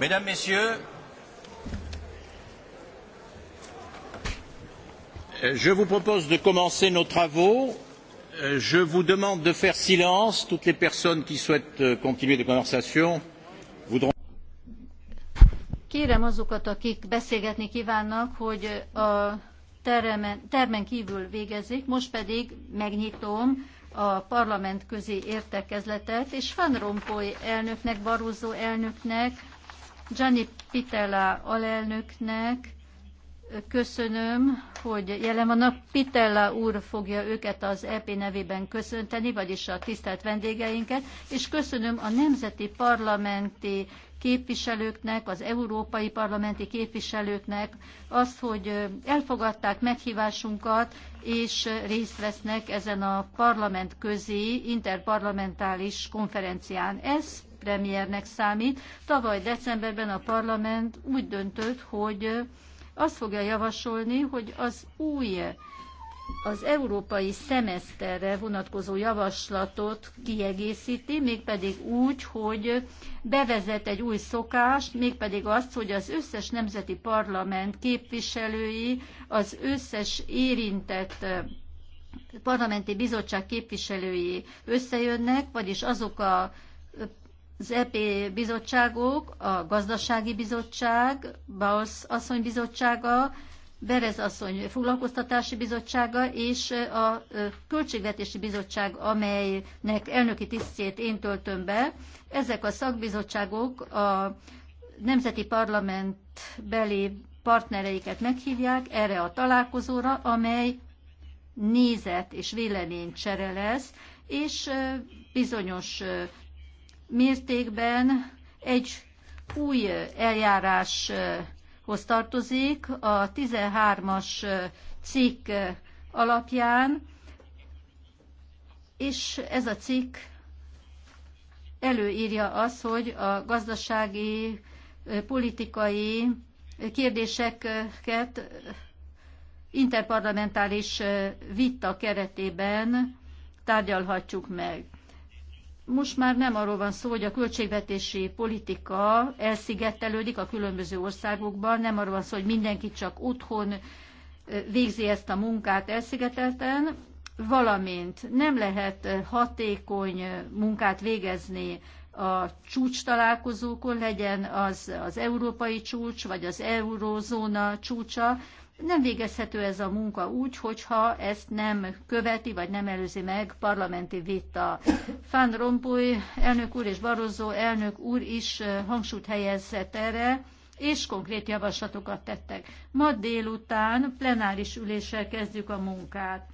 Mesdames, Messieurs, je vous propose de commencer nos travaux. Je vous demande de faire silence. Toutes les personnes qui souhaitent euh, continuer les conversations voudront. Kérem azokat, akik beszélgetni kívánnak, hogy a termen, termen kívül végezzék. Most pedig megnyitom a parlament közi értekezletet, és Van Rompuy elnöknek, Barroso elnöknek, Gianni Pitella alelnöknek köszönöm, hogy jelen vannak. Pitella úr fogja őket az EP nevében köszönteni, vagyis a tisztelt vendégeinket, és köszönöm a nemzeti parlamenti képviselőknek, az európai parlamenti képviselőknek azt, hogy elfogadták meghívásunkat, és részt vesznek ezen a parlament közé interparlamentális konferencián. Ez premiernek számít. Tavaly decemberben a parlament úgy döntött, hogy azt fogja javasolni, hogy az új az európai szemeszterre vonatkozó javaslatot kiegészíti, mégpedig úgy, hogy bevezet egy új szokást, mégpedig azt, hogy az összes nemzeti parlament képviselői, az összes érintett parlamenti bizottság képviselői összejönnek, vagyis azok a az EP bizottságok, a gazdasági bizottság, Baosz asszony bizottsága, Berez asszony foglalkoztatási bizottsága és a költségvetési bizottság, amelynek elnöki tisztjét én töltöm be. Ezek a szakbizottságok a nemzeti parlament beli partnereiket meghívják erre a találkozóra, amely nézet és csere lesz, és bizonyos mértékben egy új eljáráshoz tartozik a 13-as cikk alapján, és ez a cikk előírja azt, hogy a gazdasági, politikai kérdéseket interparlamentális vita keretében tárgyalhatjuk meg most már nem arról van szó, hogy a költségvetési politika elszigetelődik a különböző országokban, nem arról van szó, hogy mindenki csak otthon végzi ezt a munkát elszigetelten, valamint nem lehet hatékony munkát végezni a csúcs találkozókon, legyen az az európai csúcs, vagy az eurózóna csúcsa, nem végezhető ez a munka úgy, hogyha ezt nem követi, vagy nem előzi meg parlamenti vita. Fán Rompuy elnök úr és Barozó elnök úr is hangsúlyt helyezett erre, és konkrét javaslatokat tettek. Ma délután plenáris üléssel kezdjük a munkát.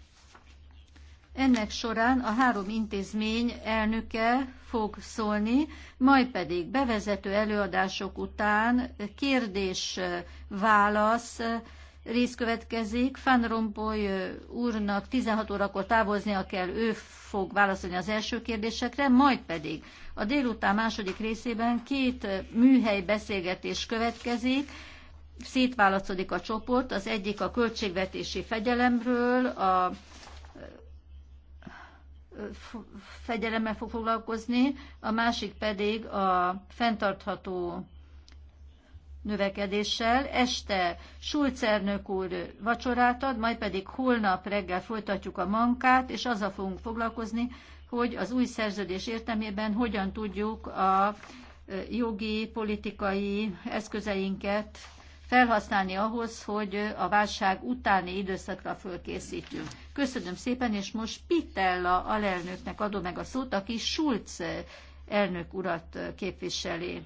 Ennek során a három intézmény elnöke fog szólni, majd pedig bevezető előadások után kérdés-válasz rész következik. Fan Rompuy úrnak 16 órakor távoznia kell, ő fog válaszolni az első kérdésekre, majd pedig a délután második részében két műhely beszélgetés következik, szétválaszodik a csoport, az egyik a költségvetési fegyelemről, a fegyelemmel fog foglalkozni, a másik pedig a fenntartható növekedéssel. Este Schulz elnök úr vacsorát ad, majd pedig holnap reggel folytatjuk a mankát, és azzal fogunk foglalkozni, hogy az új szerződés értelmében hogyan tudjuk a e, jogi, politikai eszközeinket felhasználni ahhoz, hogy a válság utáni időszakra fölkészítjünk. Köszönöm szépen, és most Pitella alelnöknek adom meg a szót, aki Schulz elnök urat képviseli.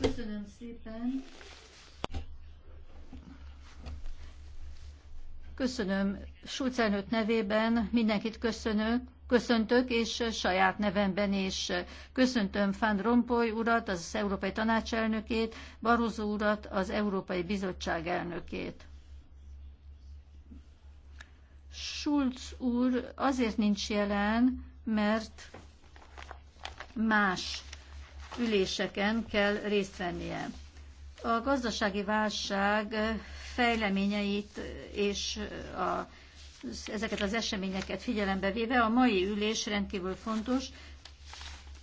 Köszönöm szépen. Köszönöm Sulcánőt nevében, mindenkit köszönök, köszöntök, és saját nevemben is köszöntöm Fán Rompoy urat, az Európai Tanács elnökét, Barroso urat, az Európai Bizottság elnökét. Schulz úr azért nincs jelen, mert más üléseken kell részt vennie. A gazdasági válság fejleményeit és a, ezeket az eseményeket figyelembe véve a mai ülés rendkívül fontos,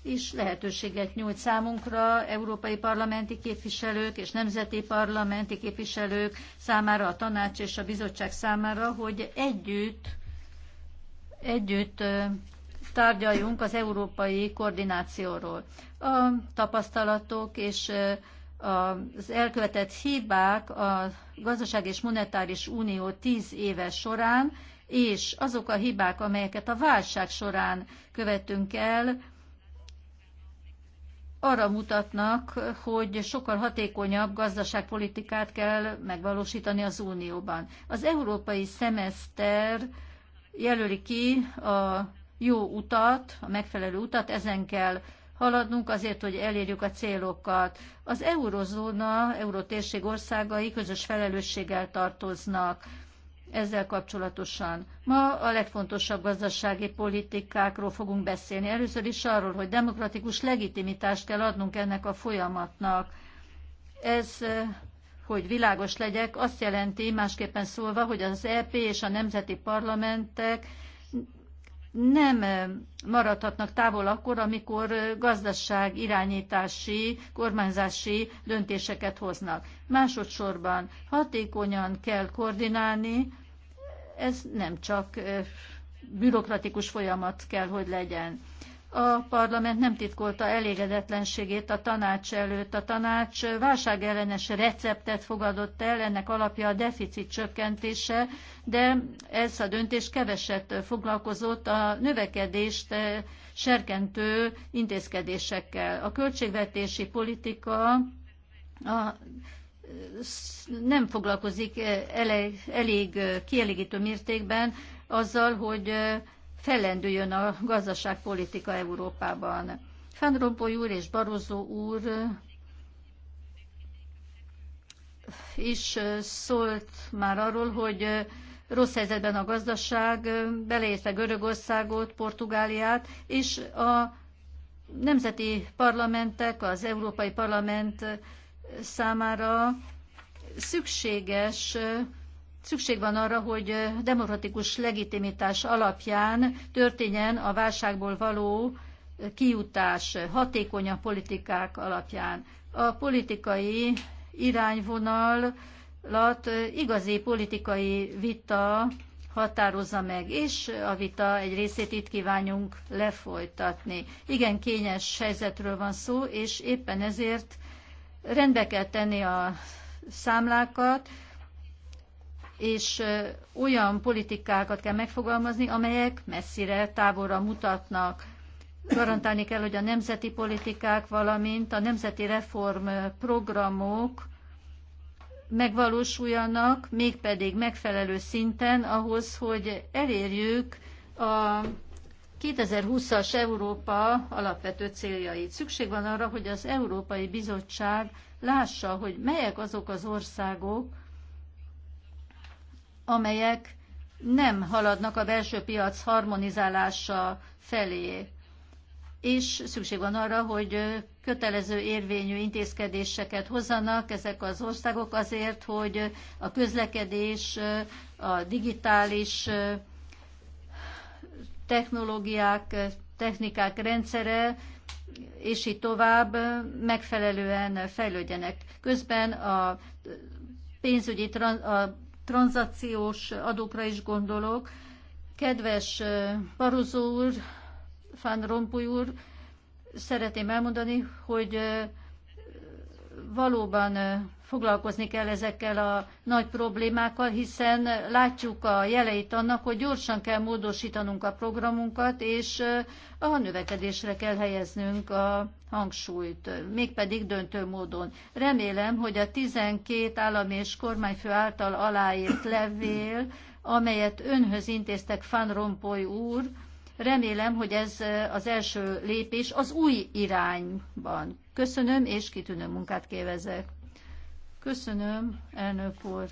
és lehetőséget nyújt számunkra, európai parlamenti képviselők és nemzeti parlamenti képviselők számára, a tanács és a bizottság számára, hogy együtt, együtt tárgyaljunk az európai koordinációról a tapasztalatok és az elkövetett hibák a gazdaság és monetáris unió tíz éve során, és azok a hibák, amelyeket a válság során követünk el, arra mutatnak, hogy sokkal hatékonyabb gazdaságpolitikát kell megvalósítani az Unióban. Az európai szemeszter jelöli ki a jó utat, a megfelelő utat, ezen kell haladnunk azért, hogy elérjük a célokat. Az eurozóna, eurotérség országai közös felelősséggel tartoznak ezzel kapcsolatosan. Ma a legfontosabb gazdasági politikákról fogunk beszélni. Először is arról, hogy demokratikus legitimitást kell adnunk ennek a folyamatnak. Ez eh, hogy világos legyek, azt jelenti, másképpen szólva, hogy az EP és a nemzeti parlamentek nem maradhatnak távol akkor, amikor gazdaság irányítási, kormányzási döntéseket hoznak. Másodszorban hatékonyan kell koordinálni, ez nem csak bürokratikus folyamat kell, hogy legyen a parlament nem titkolta elégedetlenségét a tanács előtt. A tanács válságellenes receptet fogadott el, ennek alapja a deficit csökkentése, de ez a döntés keveset foglalkozott a növekedést serkentő intézkedésekkel. A költségvetési politika a nem foglalkozik elég, elég kielégítő mértékben azzal, hogy fellendüljön a gazdaságpolitika Európában. Van Rompuy úr és Barozó úr is szólt már arról, hogy rossz helyzetben a gazdaság, beleértve Görögországot, Portugáliát, és a nemzeti parlamentek, az Európai Parlament számára szükséges Szükség van arra, hogy demokratikus legitimitás alapján történjen a válságból való kijutás, hatékonyabb politikák alapján. A politikai irányvonalat igazi politikai vita határozza meg, és a vita egy részét itt kívánjunk lefolytatni. Igen, kényes helyzetről van szó, és éppen ezért rendbe kell tenni a számlákat, és olyan politikákat kell megfogalmazni, amelyek messzire, távolra mutatnak. Garantálni kell, hogy a nemzeti politikák, valamint a nemzeti reformprogramok megvalósuljanak, mégpedig megfelelő szinten ahhoz, hogy elérjük a 2020-as Európa alapvető céljait. Szükség van arra, hogy az Európai Bizottság lássa, hogy melyek azok az országok, amelyek nem haladnak a belső piac harmonizálása felé, és szükség van arra, hogy kötelező érvényű intézkedéseket hozzanak ezek az országok azért, hogy a közlekedés, a digitális technológiák, technikák rendszere, és így tovább megfelelően fejlődjenek. Közben a pénzügyi, a tranzakciós adókra is gondolok. Kedves Barozó úr, Fán Rompuy úr, szeretném elmondani, hogy valóban foglalkozni kell ezekkel a nagy problémákkal, hiszen látjuk a jeleit annak, hogy gyorsan kell módosítanunk a programunkat, és a növekedésre kell helyeznünk a hangsúlyt, mégpedig döntő módon. Remélem, hogy a 12 állam és kormányfő által aláírt levél, amelyet önhöz intéztek Van Rompoy úr, Remélem, hogy ez az első lépés az új irányban. Köszönöm, és kitűnő munkát kévezek. Köszönöm, elnök úr.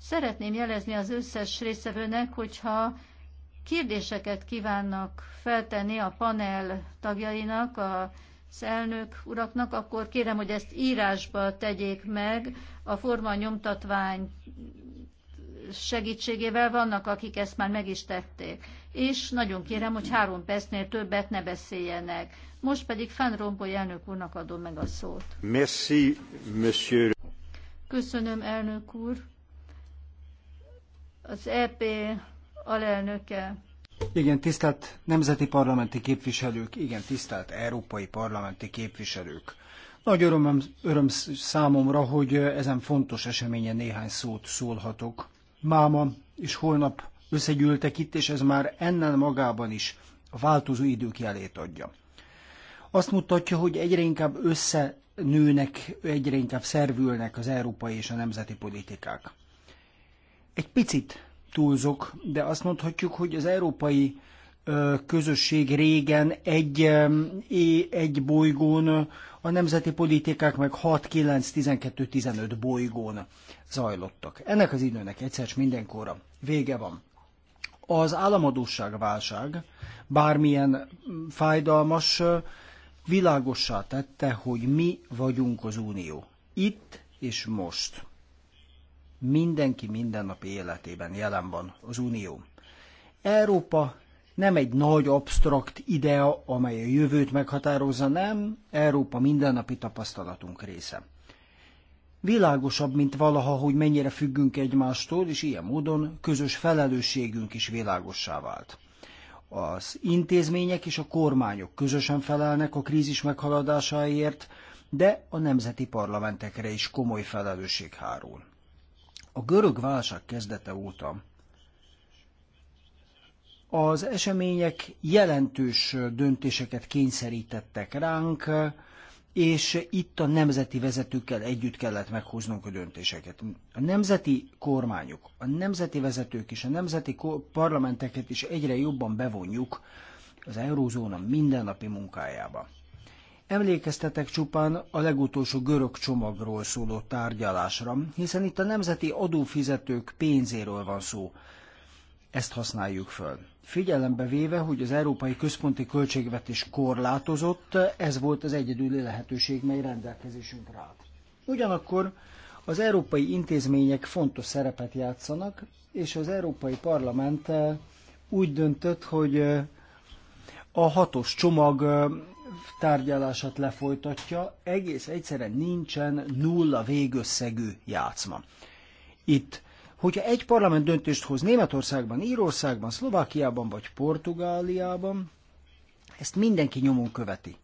Szeretném jelezni az összes részevőnek, hogyha kérdéseket kívánnak feltenni a panel tagjainak, az elnök uraknak, akkor kérem, hogy ezt írásba tegyék meg. A forma nyomtatvány segítségével vannak, akik ezt már meg is tették és nagyon kérem, hogy három percnél többet ne beszéljenek. Most pedig Fan Rompuy elnök úrnak adom meg a szót. Merci, monsieur. Köszönöm, elnök úr. Az EP alelnöke. Igen, tisztelt nemzeti parlamenti képviselők, igen, tisztelt európai parlamenti képviselők. Nagy öröm, öröm számomra, hogy ezen fontos eseményen néhány szót szólhatok. Máma és holnap összegyűltek itt, és ez már ennen magában is a változó idők jelét adja. Azt mutatja, hogy egyre inkább összenőnek, egyre inkább szervülnek az európai és a nemzeti politikák. Egy picit túlzok, de azt mondhatjuk, hogy az európai közösség régen egy, egy bolygón, a nemzeti politikák meg 6, 9, 12, 15 bolygón zajlottak. Ennek az időnek egyszer mindenkorra vége van az államadóságválság bármilyen fájdalmas világossá tette, hogy mi vagyunk az Unió. Itt és most. Mindenki mindennapi életében jelen van az Unió. Európa nem egy nagy absztrakt idea, amely a jövőt meghatározza, nem, Európa mindennapi tapasztalatunk része. Világosabb, mint valaha, hogy mennyire függünk egymástól, és ilyen módon közös felelősségünk is világossá vált. Az intézmények és a kormányok közösen felelnek a krízis meghaladásáért, de a nemzeti parlamentekre is komoly felelősség hárul. A görög válság kezdete óta az események jelentős döntéseket kényszerítettek ránk, és itt a nemzeti vezetőkkel együtt kellett meghoznunk a döntéseket. A nemzeti kormányok, a nemzeti vezetők és a nemzeti parlamenteket is egyre jobban bevonjuk az eurózóna mindennapi munkájába. Emlékeztetek csupán a legutolsó görög csomagról szóló tárgyalásra, hiszen itt a nemzeti adófizetők pénzéről van szó. Ezt használjuk föl. Figyelembe véve, hogy az Európai Központi Költségvetés korlátozott, ez volt az egyedüli lehetőség, mely rendelkezésünkre rá. Ugyanakkor az európai intézmények fontos szerepet játszanak, és az Európai Parlament eh, úgy döntött, hogy eh, a hatos csomag eh, tárgyalását lefolytatja, egész egyszerűen nincsen nulla végösszegű játszma. Itt hogyha egy parlament döntést hoz Németországban, Írországban, Szlovákiában vagy Portugáliában, ezt mindenki nyomon követi.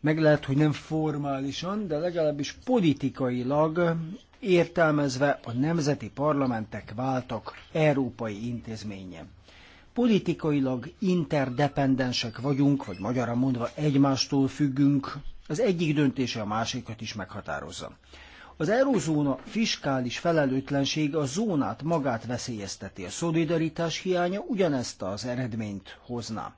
Meg lehet, hogy nem formálisan, de legalábbis politikailag értelmezve a nemzeti parlamentek váltak európai intézménye. Politikailag interdependensek vagyunk, vagy magyarra mondva egymástól függünk, az egyik döntése a másikat is meghatározza. Az eurozóna fiskális felelőtlensége a zónát magát veszélyezteti. A szolidaritás hiánya ugyanezt az eredményt hozná.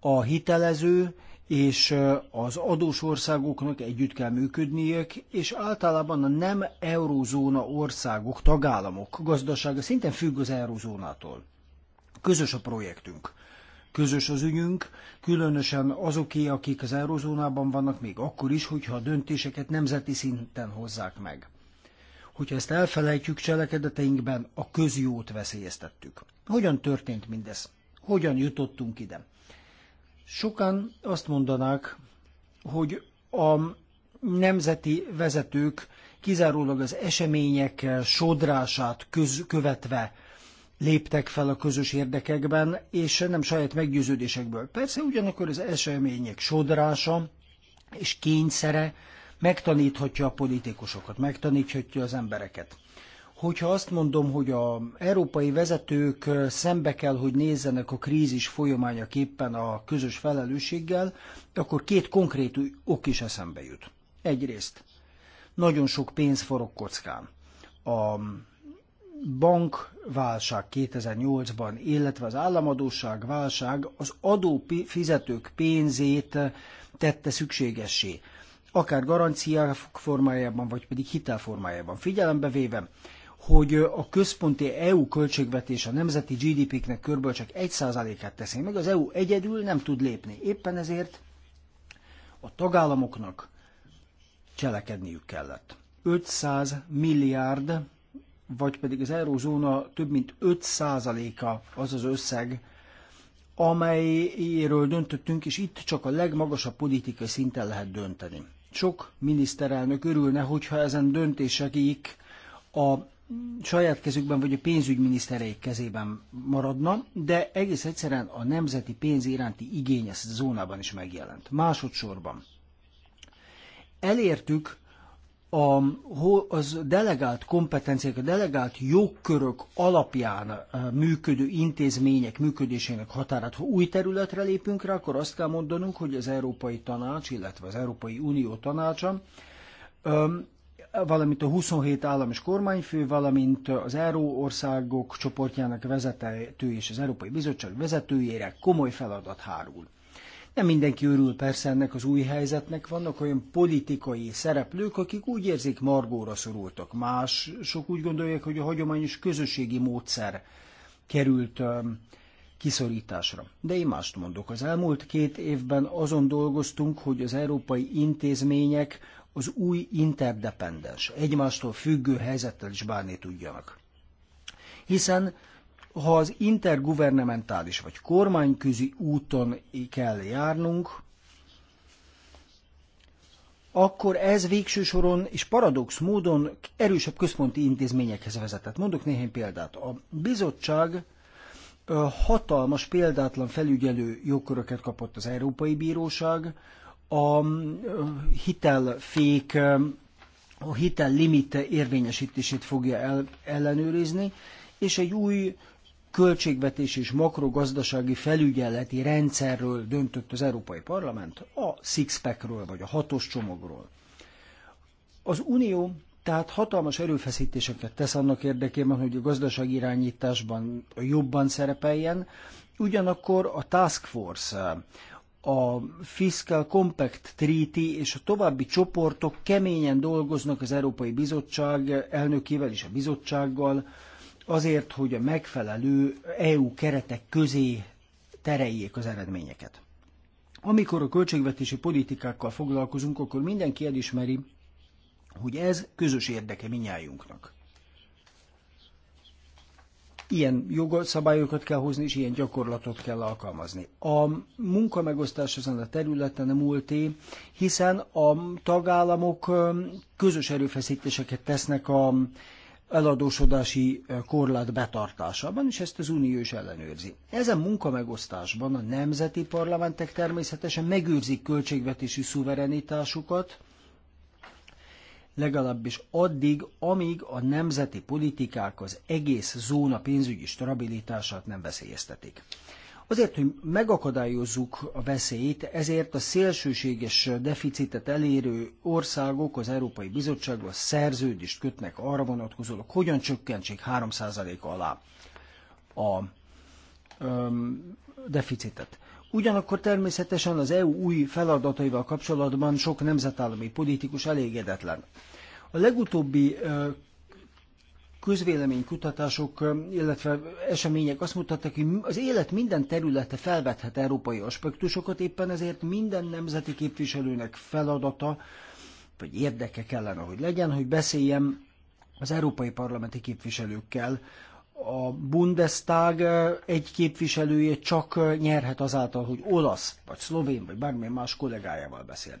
A hitelező és az adós országoknak együtt kell működniük, és általában a nem eurózóna országok, tagállamok gazdasága szinten függ az eurózónától. Közös a projektünk. Közös az ügyünk, különösen azoké, akik az eurozónában vannak, még akkor is, hogyha a döntéseket nemzeti szinten hozzák meg. Hogyha ezt elfelejtjük cselekedeteinkben, a közjót veszélyeztettük. Hogyan történt mindez? Hogyan jutottunk ide? Sokan azt mondanák, hogy a nemzeti vezetők kizárólag az események sodrását köz, követve léptek fel a közös érdekekben, és nem saját meggyőződésekből. Persze ugyanakkor az események sodrása és kényszere megtaníthatja a politikusokat, megtaníthatja az embereket. Hogyha azt mondom, hogy az európai vezetők szembe kell, hogy nézzenek a krízis folyamányaképpen a közös felelősséggel, akkor két konkrét ok is eszembe jut. Egyrészt, nagyon sok pénz forog kockán. A bankválság 2008-ban, illetve az államadóság válság az adófizetők pénzét tette szükségessé, akár garanciák formájában, vagy pedig hitel formájában. Figyelembe véve, hogy a központi EU költségvetés a nemzeti GDP-knek körből csak 1%-át teszi meg, az EU egyedül nem tud lépni. Éppen ezért a tagállamoknak cselekedniük kellett. 500 milliárd vagy pedig az eurózóna több mint 5%-a az az összeg, amelyéről döntöttünk, és itt csak a legmagasabb politikai szinten lehet dönteni. Sok miniszterelnök örülne, hogyha ezen döntésekig a saját kezükben vagy a pénzügyminisztereik kezében maradna, de egész egyszerűen a nemzeti pénz iránti igény ezt a zónában is megjelent. Másodszorban elértük, a, az delegált kompetenciák, a delegált jogkörök alapján eh, működő intézmények működésének határát, ha új területre lépünk rá, akkor azt kell mondanunk, hogy az Európai Tanács, illetve az Európai Unió tanácsa, valamint a 27 állam és kormányfő, valamint az Euró országok csoportjának vezető és az Európai Bizottság vezetőjére komoly feladat hárul. Nem mindenki örül persze ennek az új helyzetnek, vannak olyan politikai szereplők, akik úgy érzik margóra szorultak. Más sok úgy gondolják, hogy a hagyományos közösségi módszer került kiszorításra. De én mást mondok. Az elmúlt két évben azon dolgoztunk, hogy az európai intézmények az új interdependens, egymástól függő helyzettel is bánni tudjanak. Hiszen ha az intergovernamentális vagy kormányközi úton kell járnunk, akkor ez végső soron és paradox módon erősebb központi intézményekhez vezetett. Mondok néhány példát. A bizottság hatalmas példátlan felügyelő jogköröket kapott az Európai Bíróság, a hitelfék, a hitellimite érvényesítését fogja ellenőrizni, és egy új költségvetés és makrogazdasági felügyeleti rendszerről döntött az Európai Parlament, a six ről vagy a hatos csomagról. Az Unió tehát hatalmas erőfeszítéseket tesz annak érdekében, hogy a gazdasági irányításban jobban szerepeljen, ugyanakkor a Task Force, a Fiscal Compact Treaty és a további csoportok keményen dolgoznak az Európai Bizottság elnökével és a bizottsággal, azért, hogy a megfelelő EU keretek közé tereljék az eredményeket. Amikor a költségvetési politikákkal foglalkozunk, akkor mindenki elismeri, hogy ez közös érdeke minnyájunknak. Ilyen jogszabályokat kell hozni, és ilyen gyakorlatot kell alkalmazni. A munkamegosztás ezen a területen nem múlté, hiszen a tagállamok közös erőfeszítéseket tesznek a eladósodási eh, korlát betartásában, és ezt az Unió is ellenőrzi. Ezen munkamegosztásban a nemzeti parlamentek természetesen megőrzik költségvetési szuverenitásukat, legalábbis addig, amíg a nemzeti politikák az egész zóna pénzügyi stabilitását nem veszélyeztetik. Azért, hogy megakadályozzuk a veszélyt, ezért a szélsőséges deficitet elérő országok az Európai Bizottsággal szerződést kötnek arra vonatkozólag, hogyan csökkentsék 3% alá a deficitet. Ugyanakkor természetesen az EU új feladataival kapcsolatban sok nemzetállami politikus elégedetlen. A legutóbbi közvéleménykutatások, illetve események azt mutatták, hogy az élet minden területe felvethet európai aspektusokat, éppen ezért minden nemzeti képviselőnek feladata, vagy érdeke kellene, hogy legyen, hogy beszéljem az európai parlamenti képviselőkkel. A Bundestag egy képviselője csak nyerhet azáltal, hogy olasz, vagy szlovén, vagy bármilyen más kollégájával beszél.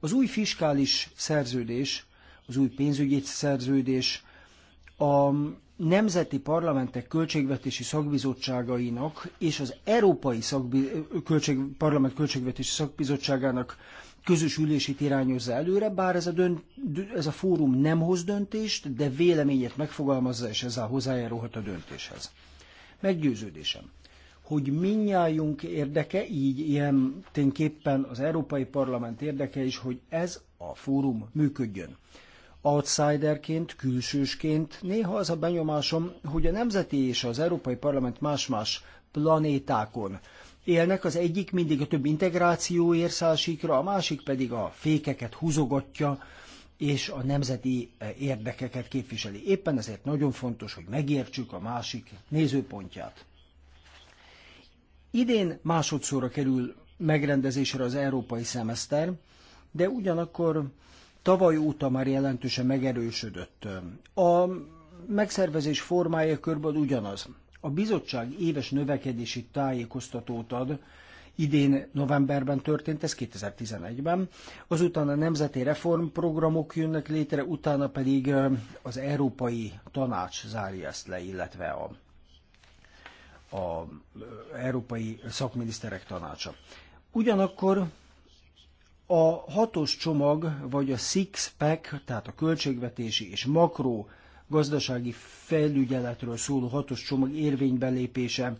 Az új fiskális szerződés, az új pénzügyi szerződés a nemzeti parlamentek költségvetési szakbizottságainak és az Európai Szakbi- Költség, Parlament Költségvetési Szakbizottságának közös ülését irányozza előre, bár ez a, dönt, ez a fórum nem hoz döntést, de véleményét megfogalmazza, és ezzel hozzájárulhat a döntéshez. Meggyőződésem, hogy minnyájunk érdeke, így ilyen tényképpen az Európai Parlament érdeke is, hogy ez a fórum működjön outsiderként, külsősként néha az a benyomásom, hogy a nemzeti és az Európai Parlament más-más planétákon élnek, az egyik mindig a több integráció érszásikra, a másik pedig a fékeket húzogatja, és a nemzeti e, érdekeket képviseli. Éppen ezért nagyon fontos, hogy megértsük a másik nézőpontját. Idén másodszorra kerül megrendezésre az európai szemeszter, de ugyanakkor tavaly óta már jelentősen megerősödött. A megszervezés formája körből ugyanaz. A bizottság éves növekedési tájékoztatót ad, idén novemberben történt, ez 2011-ben, azután a nemzeti reformprogramok jönnek létre, utána pedig az Európai Tanács zárja ezt le, illetve a, a Európai Szakminiszterek Tanácsa. Ugyanakkor a hatos csomag, vagy a six-pack, tehát a költségvetési és makró gazdasági felügyeletről szóló hatos csomag érvénybelépése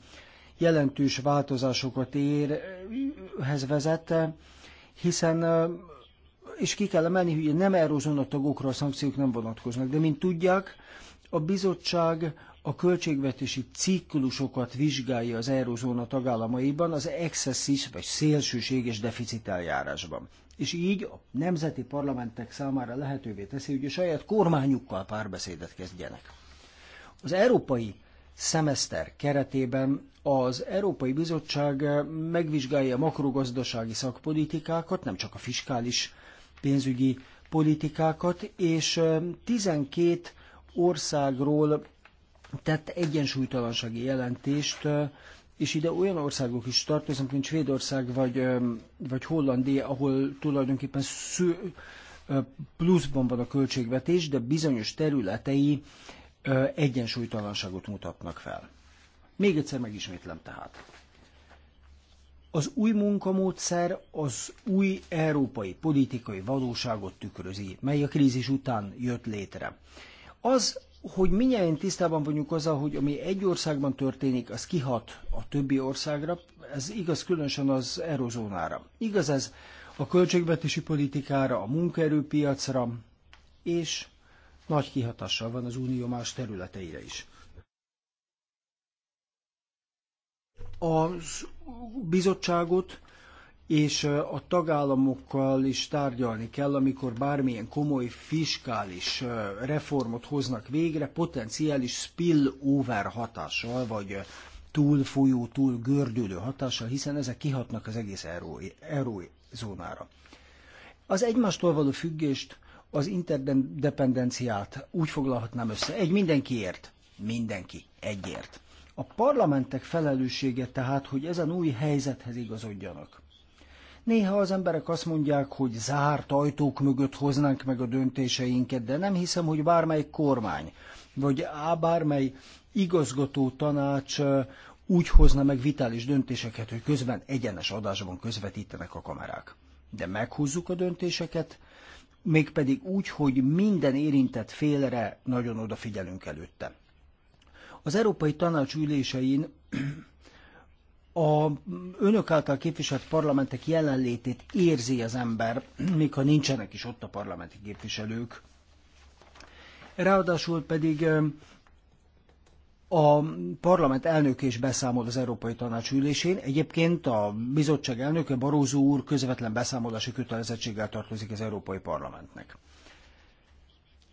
jelentős változásokat érhez vezette, hiszen és ki kell emelni, hogy nem eurozóna tagokra a szankciók nem vonatkoznak. De mint tudják, a bizottság a költségvetési ciklusokat vizsgálja az eurozóna tagállamaiban az excessis vagy szélsőséges deficit eljárásban. És így a nemzeti parlamentek számára lehetővé teszi, hogy a saját kormányukkal párbeszédet kezdjenek. Az európai szemeszter keretében az Európai Bizottság megvizsgálja a makrogazdasági szakpolitikákat, nem csak a fiskális pénzügyi politikákat, és 12 országról tett egyensúlytalansági jelentést, és ide olyan országok is tartoznak, mint Svédország vagy, vagy Hollandia, ahol tulajdonképpen sző, pluszban van a költségvetés, de bizonyos területei egyensúlytalanságot mutatnak fel. Még egyszer megismétlem tehát. Az új munkamódszer az új európai politikai valóságot tükrözi, mely a krízis után jött létre. Az hogy minnyáján tisztában vagyunk azzal, hogy ami egy országban történik, az kihat a többi országra, ez igaz különösen az eurozónára. Igaz ez a költségvetési politikára, a munkaerőpiacra, és nagy kihatással van az unió más területeire is. A bizottságot és a tagállamokkal is tárgyalni kell, amikor bármilyen komoly fiskális reformot hoznak végre, potenciális spillover hatással, vagy túlfolyó, túl gördülő hatással, hiszen ezek kihatnak az egész eurózónára. Az egymástól való függést, az interdependenciát úgy foglalhatnám össze. Egy mindenkiért, mindenki egyért. A parlamentek felelőssége tehát, hogy ezen új helyzethez igazodjanak. Néha az emberek azt mondják, hogy zárt ajtók mögött hoznánk meg a döntéseinket, de nem hiszem, hogy bármely kormány, vagy á, bármely igazgató tanács úgy hozna meg vitális döntéseket, hogy közben egyenes adásban közvetítenek a kamerák. De meghúzzuk a döntéseket, mégpedig úgy, hogy minden érintett félre nagyon odafigyelünk előtte. Az Európai Tanács ülésein a önök által képviselt parlamentek jelenlétét érzi az ember, még ha nincsenek is ott a parlamenti képviselők. Ráadásul pedig a parlament elnöke is beszámol az Európai Tanács ülésén. Egyébként a bizottság elnöke Barózó úr közvetlen beszámolási kötelezettséggel tartozik az Európai Parlamentnek.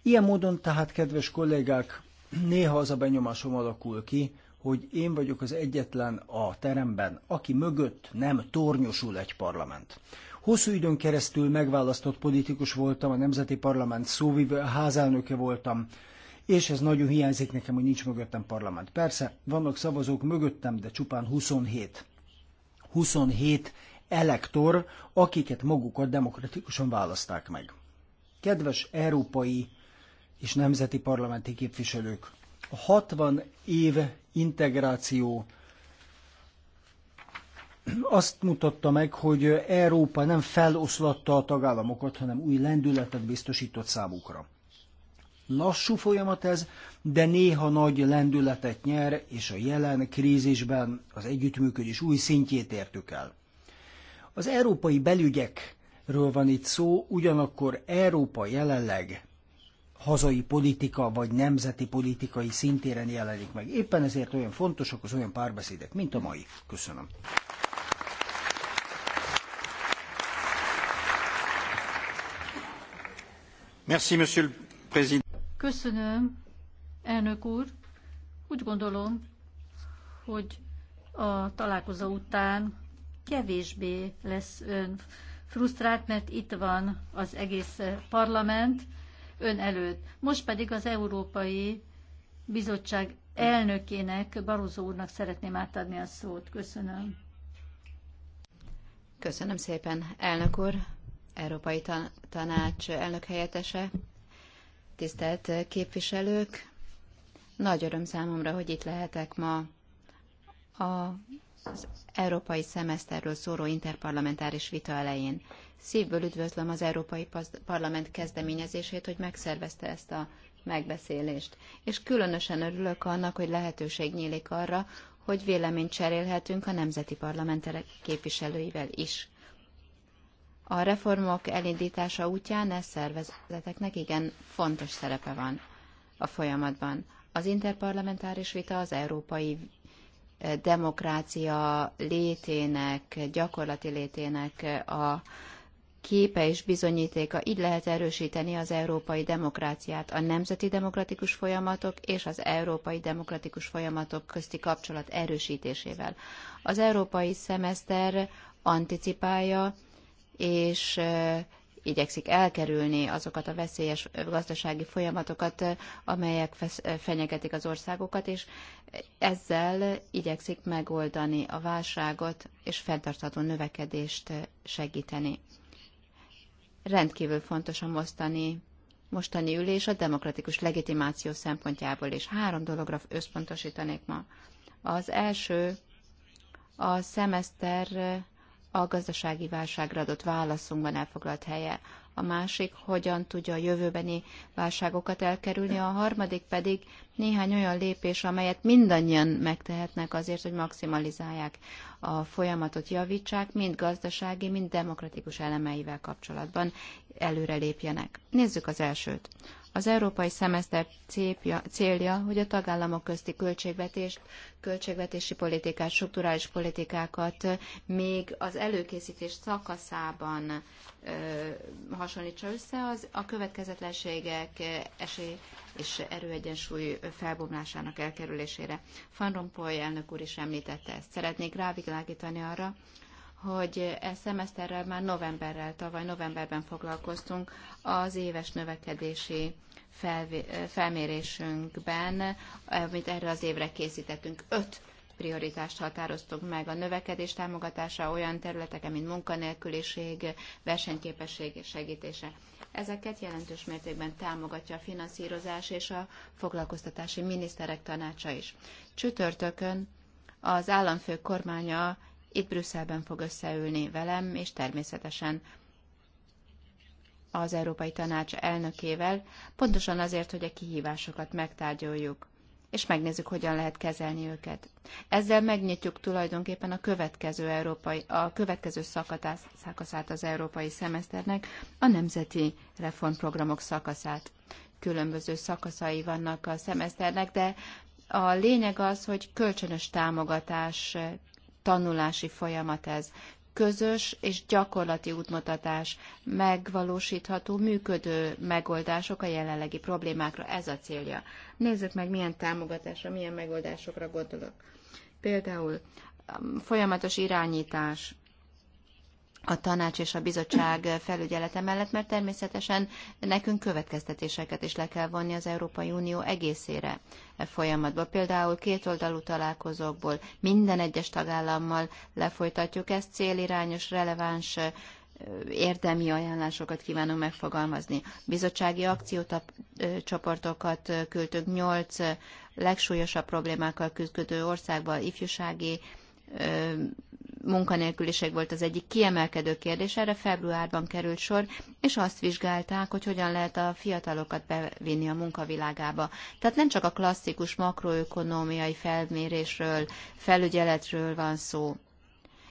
Ilyen módon tehát, kedves kollégák, néha az a benyomásom alakul ki, hogy én vagyok az egyetlen a teremben, aki mögött nem tornyosul egy parlament. Hosszú időn keresztül megválasztott politikus voltam, a Nemzeti Parlament szóvivő házelnöke voltam, és ez nagyon hiányzik nekem, hogy nincs mögöttem parlament. Persze, vannak szavazók mögöttem, de csupán 27. 27 elektor, akiket magukat demokratikusan választák meg. Kedves európai és nemzeti parlamenti képviselők, a 60 év integráció azt mutatta meg, hogy Európa nem feloszlatta a tagállamokat, hanem új lendületet biztosított számukra. Lassú folyamat ez, de néha nagy lendületet nyer, és a jelen krízisben az együttműködés új szintjét értük el. Az európai belügyekről van itt szó, ugyanakkor Európa jelenleg hazai politika vagy nemzeti politikai szintéren jelenik meg. Éppen ezért olyan fontosak az olyan párbeszédek, mint a mai. Köszönöm. Merci, monsieur le président. Köszönöm, elnök úr. Úgy gondolom, hogy a találkozó után kevésbé lesz ön frusztrált, mert itt van az egész parlament, ön előtt. Most pedig az Európai Bizottság elnökének, Barozó úrnak szeretném átadni a szót. Köszönöm. Köszönöm szépen, elnök úr, Európai Tanács elnök helyetese, tisztelt képviselők. Nagy öröm számomra, hogy itt lehetek ma a az európai szemeszterről szóró interparlamentáris vita elején. Szívből üdvözlöm az Európai Parlament kezdeményezését, hogy megszervezte ezt a megbeszélést. És különösen örülök annak, hogy lehetőség nyílik arra, hogy véleményt cserélhetünk a nemzeti parlamentek képviselőivel is. A reformok elindítása útján e szervezeteknek igen fontos szerepe van a folyamatban. Az interparlamentáris vita az európai eh, demokrácia létének, gyakorlati létének eh, a képe és bizonyítéka, így lehet erősíteni az európai demokráciát, a nemzeti demokratikus folyamatok és az európai demokratikus folyamatok közti kapcsolat erősítésével. Az európai szemeszter anticipálja és igyekszik elkerülni azokat a veszélyes gazdasági folyamatokat, amelyek fenyegetik az országokat, és ezzel igyekszik megoldani a válságot és fenntartható növekedést segíteni rendkívül fontos a mostani, mostani ülés a demokratikus legitimáció szempontjából, és három dologra összpontosítanék ma. Az első a szemeszter a gazdasági válságra adott válaszunkban elfoglalt helye. A másik, hogyan tudja a jövőbeni válságokat elkerülni, a harmadik pedig néhány olyan lépés, amelyet mindannyian megtehetnek azért, hogy maximalizálják a folyamatot javítsák, mind gazdasági, mind demokratikus elemeivel kapcsolatban előrelépjenek. Nézzük az elsőt. Az európai szemeszter célja, célja, hogy a tagállamok közti költségvetést, költségvetési politikát, strukturális politikákat még az előkészítés szakaszában ö, hasonlítsa össze az a következetlenségek esély és erőegyensúly felbomlásának elkerülésére. Van Rompuy elnök úr is említette ezt. Szeretnék rávilágítani arra, hogy e szemeszterrel már novemberrel, tavaly novemberben foglalkoztunk az éves növekedési felmérésünkben, amit erre az évre készítettünk. Öt prioritást határoztunk meg. A növekedés támogatása olyan területeken, mint munkanélküliség, versenyképesség és segítése. Ezeket jelentős mértékben támogatja a finanszírozás és a foglalkoztatási miniszterek tanácsa is. Csütörtökön az államfő kormánya itt Brüsszelben fog összeülni velem, és természetesen az Európai Tanács elnökével, pontosan azért, hogy a kihívásokat megtárgyaljuk, és megnézzük, hogyan lehet kezelni őket. Ezzel megnyitjuk tulajdonképpen a következő, európai, a következő szakaszát az európai szemeszternek, a nemzeti reformprogramok szakaszát. Különböző szakaszai vannak a szemeszternek, de a lényeg az, hogy kölcsönös támogatás tanulási folyamat ez közös és gyakorlati útmutatás, megvalósítható, működő megoldások a jelenlegi problémákra. Ez a célja. Nézzük meg, milyen támogatásra, milyen megoldásokra gondolok. Például um, folyamatos irányítás, a tanács és a bizottság felügyelete mellett, mert természetesen nekünk következtetéseket is le kell vonni az Európai Unió egészére e folyamatba. Például kétoldalú találkozókból minden egyes tagállammal lefolytatjuk ezt, célirányos, releváns érdemi ajánlásokat kívánunk megfogalmazni. Bizottsági akciócsoportokat küldtünk nyolc legsúlyosabb problémákkal küzdő országba, ifjúsági munkanélküliség volt az egyik kiemelkedő kérdés, erre februárban került sor, és azt vizsgálták, hogy hogyan lehet a fiatalokat bevinni a munkavilágába. Tehát nem csak a klasszikus makroökonómiai felmérésről, felügyeletről van szó.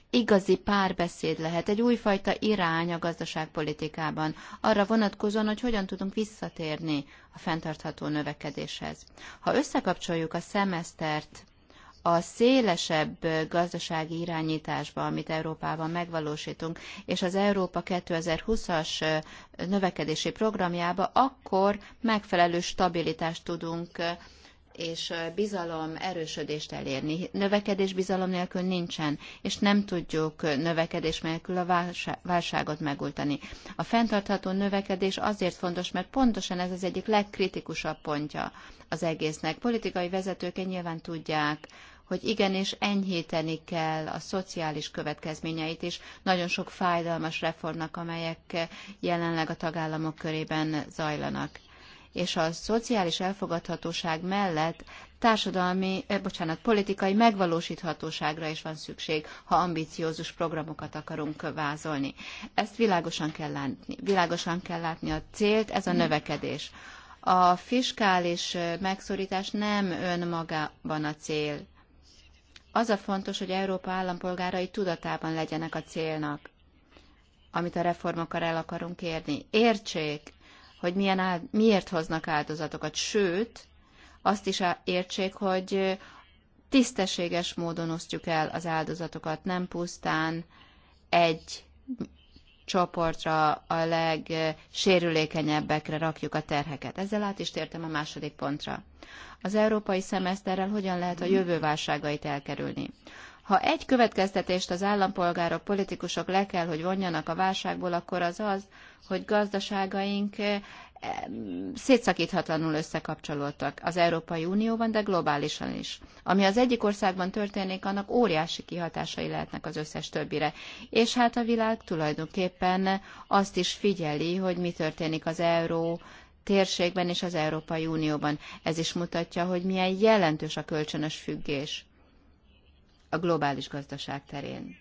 Igazi párbeszéd lehet, egy újfajta irány a gazdaságpolitikában, arra vonatkozóan, hogy hogyan tudunk visszatérni a fenntartható növekedéshez. Ha összekapcsoljuk a szemesztert a szélesebb gazdasági irányításba, amit Európában megvalósítunk, és az Európa 2020-as növekedési programjába, akkor megfelelő stabilitást tudunk és bizalom erősödést elérni. Növekedés bizalom nélkül nincsen, és nem tudjuk növekedés nélkül a válságot megoldani. A fenntartható növekedés azért fontos, mert pontosan ez az egyik legkritikusabb pontja az egésznek. Politikai vezetők nyilván tudják, hogy igenis enyhíteni kell a szociális következményeit is nagyon sok fájdalmas reformnak, amelyek jelenleg a tagállamok körében zajlanak és a szociális elfogadhatóság mellett társadalmi, eh, bocsánat, politikai megvalósíthatóságra is van szükség, ha ambiciózus programokat akarunk vázolni. Ezt világosan kell látni. Világosan kell látni a célt, ez a mm. növekedés. A fiskális eh, megszorítás nem önmagában a cél. Az a fontos, hogy Európa állampolgárai tudatában legyenek a célnak, amit a reformokkal el akarunk érni. Értsék, hogy milyen áld, miért hoznak áldozatokat, sőt, azt is értsék, hogy tisztességes módon osztjuk el az áldozatokat, nem pusztán egy csoportra, a legsérülékenyebbekre rakjuk a terheket. Ezzel át is tértem a második pontra. Az európai szemeszterrel hogyan lehet a jövő válságait elkerülni? Ha egy következtetést az állampolgárok, politikusok le kell, hogy vonjanak a válságból, akkor az az, hogy gazdaságaink szétszakíthatlanul összekapcsolódtak az Európai Unióban, de globálisan is. Ami az egyik országban történik, annak óriási kihatásai lehetnek az összes többire. És hát a világ tulajdonképpen azt is figyeli, hogy mi történik az euró térségben és az Európai Unióban. Ez is mutatja, hogy milyen jelentős a kölcsönös függés a globális gazdaság terén.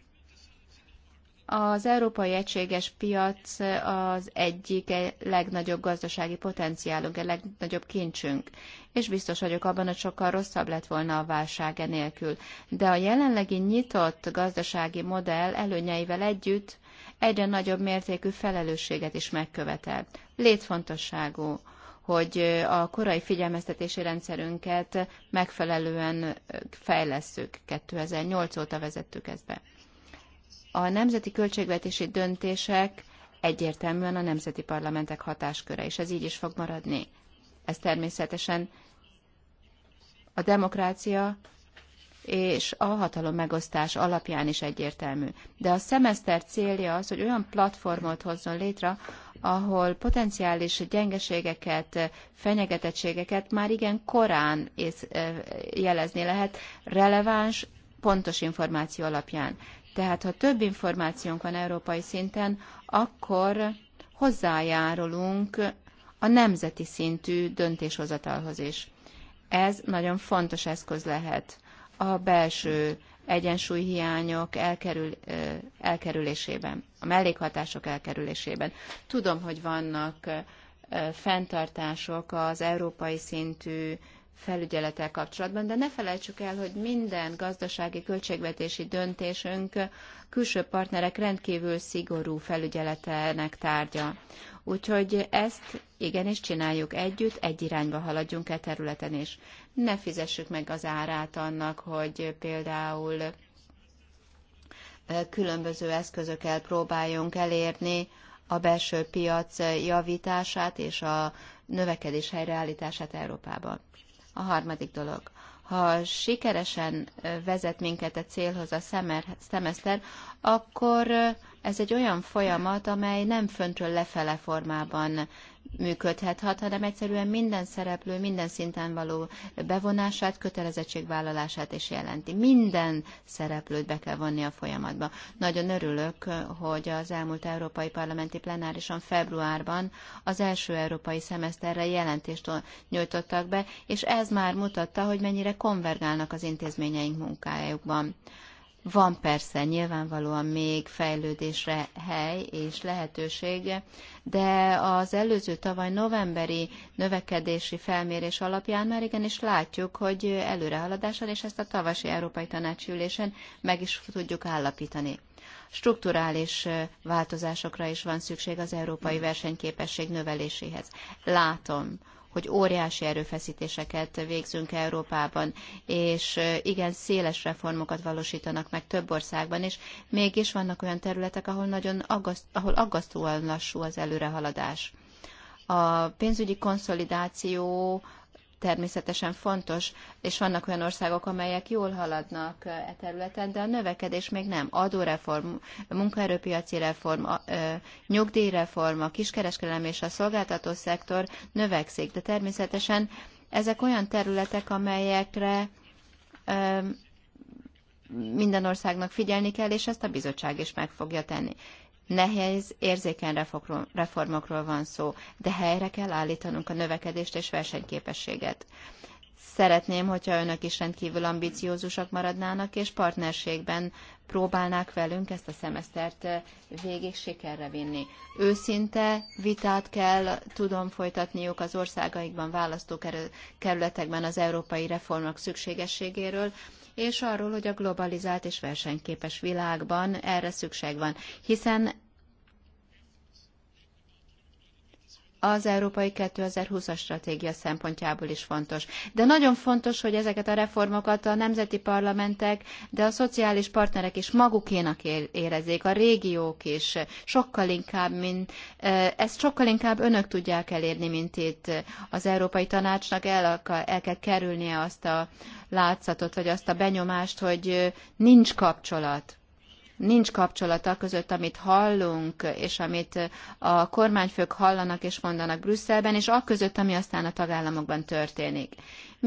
Az európai egységes piac az egyik e- legnagyobb gazdasági potenciálunk, a legnagyobb kincsünk, és biztos vagyok abban, hogy sokkal rosszabb lett volna a válság enélkül. De a jelenlegi nyitott gazdasági modell előnyeivel együtt egyre nagyobb mértékű felelősséget is megkövetel. Létfontosságú, hogy a korai figyelmeztetési rendszerünket megfelelően fejlesszük. 2008 óta vezettük ezt be. A nemzeti költségvetési döntések egyértelműen a nemzeti parlamentek hatásköre, és ez így is fog maradni. Ez természetesen a demokrácia és a hatalom megosztás alapján is egyértelmű. De a szemeszter célja az, hogy olyan platformot hozzon létre, ahol potenciális gyengeségeket, fenyegetettségeket már igen korán jelezni lehet, releváns, pontos információ alapján. Tehát, ha több információnk van európai szinten, akkor hozzájárulunk a nemzeti szintű döntéshozatalhoz is. Ez nagyon fontos eszköz lehet a belső egyensúlyhiányok elkerül, elkerülésében, a mellékhatások elkerülésében. Tudom, hogy vannak fenntartások az európai szintű felügyelettel kapcsolatban, de ne felejtsük el, hogy minden gazdasági költségvetési döntésünk külső partnerek rendkívül szigorú felügyeletenek tárgya. Úgyhogy ezt igenis csináljuk együtt, egy irányba haladjunk e területen is. Ne fizessük meg az árát annak, hogy például különböző eszközökkel próbáljunk elérni a belső piac javítását és a növekedés helyreállítását Európában. A harmadik dolog. Ha sikeresen vezet minket a célhoz a szemeszter, akkor ez egy olyan folyamat, amely nem föntről lefele formában működhet, hat, hanem egyszerűen minden szereplő, minden szinten való bevonását, kötelezettségvállalását is jelenti. Minden szereplőt be kell vonni a folyamatba. Nagyon örülök, hogy az elmúlt Európai Parlamenti Plenárison februárban az első európai szemeszterre jelentést nyújtottak be, és ez már mutatta, hogy mennyire konvergálnak az intézményeink munkájukban. Van persze nyilvánvalóan még fejlődésre hely és lehetősége, de az előző tavaly novemberi növekedési felmérés alapján már igenis látjuk, hogy előrehaladással és ezt a tavasi Európai Ülésen meg is tudjuk állapítani. Strukturális változásokra is van szükség az európai versenyképesség növeléséhez. Látom, hogy óriási erőfeszítéseket végzünk Európában, és igen, széles reformokat valósítanak meg több országban, és mégis vannak olyan területek, ahol nagyon aggaszt, ahol aggasztóan lassú az előrehaladás. A pénzügyi konszolidáció természetesen fontos, és vannak olyan országok, amelyek jól haladnak e területen, de a növekedés még nem. Adóreform, munkaerőpiaci reform, a, ö, nyugdíjreform, a kiskereskedelem és a szolgáltató szektor növekszik, de természetesen ezek olyan területek, amelyekre ö, minden országnak figyelni kell, és ezt a bizottság is meg fogja tenni. Nehéz, érzékeny reformokról van szó, de helyre kell állítanunk a növekedést és versenyképességet. Szeretném, hogyha önök is rendkívül ambiciózusak maradnának, és partnerségben próbálnák velünk ezt a szemesztert eh, végig sikerre vinni. Őszinte vitát kell tudom folytatniuk az országaikban, választókerületekben az európai reformok szükségességéről, és arról, hogy a globalizált és versenyképes világban erre szükség van, hiszen az Európai 2020-as stratégia szempontjából is fontos. De nagyon fontos, hogy ezeket a reformokat a nemzeti parlamentek, de a szociális partnerek is magukénak érezzék, a régiók is, sokkal inkább, mint ezt sokkal inkább önök tudják elérni, mint itt az Európai Tanácsnak el, el kell kerülnie azt a látszatot, vagy azt a benyomást, hogy nincs kapcsolat nincs kapcsolata között, amit hallunk, és amit a kormányfők hallanak és mondanak Brüsszelben, és a között, ami aztán a tagállamokban történik.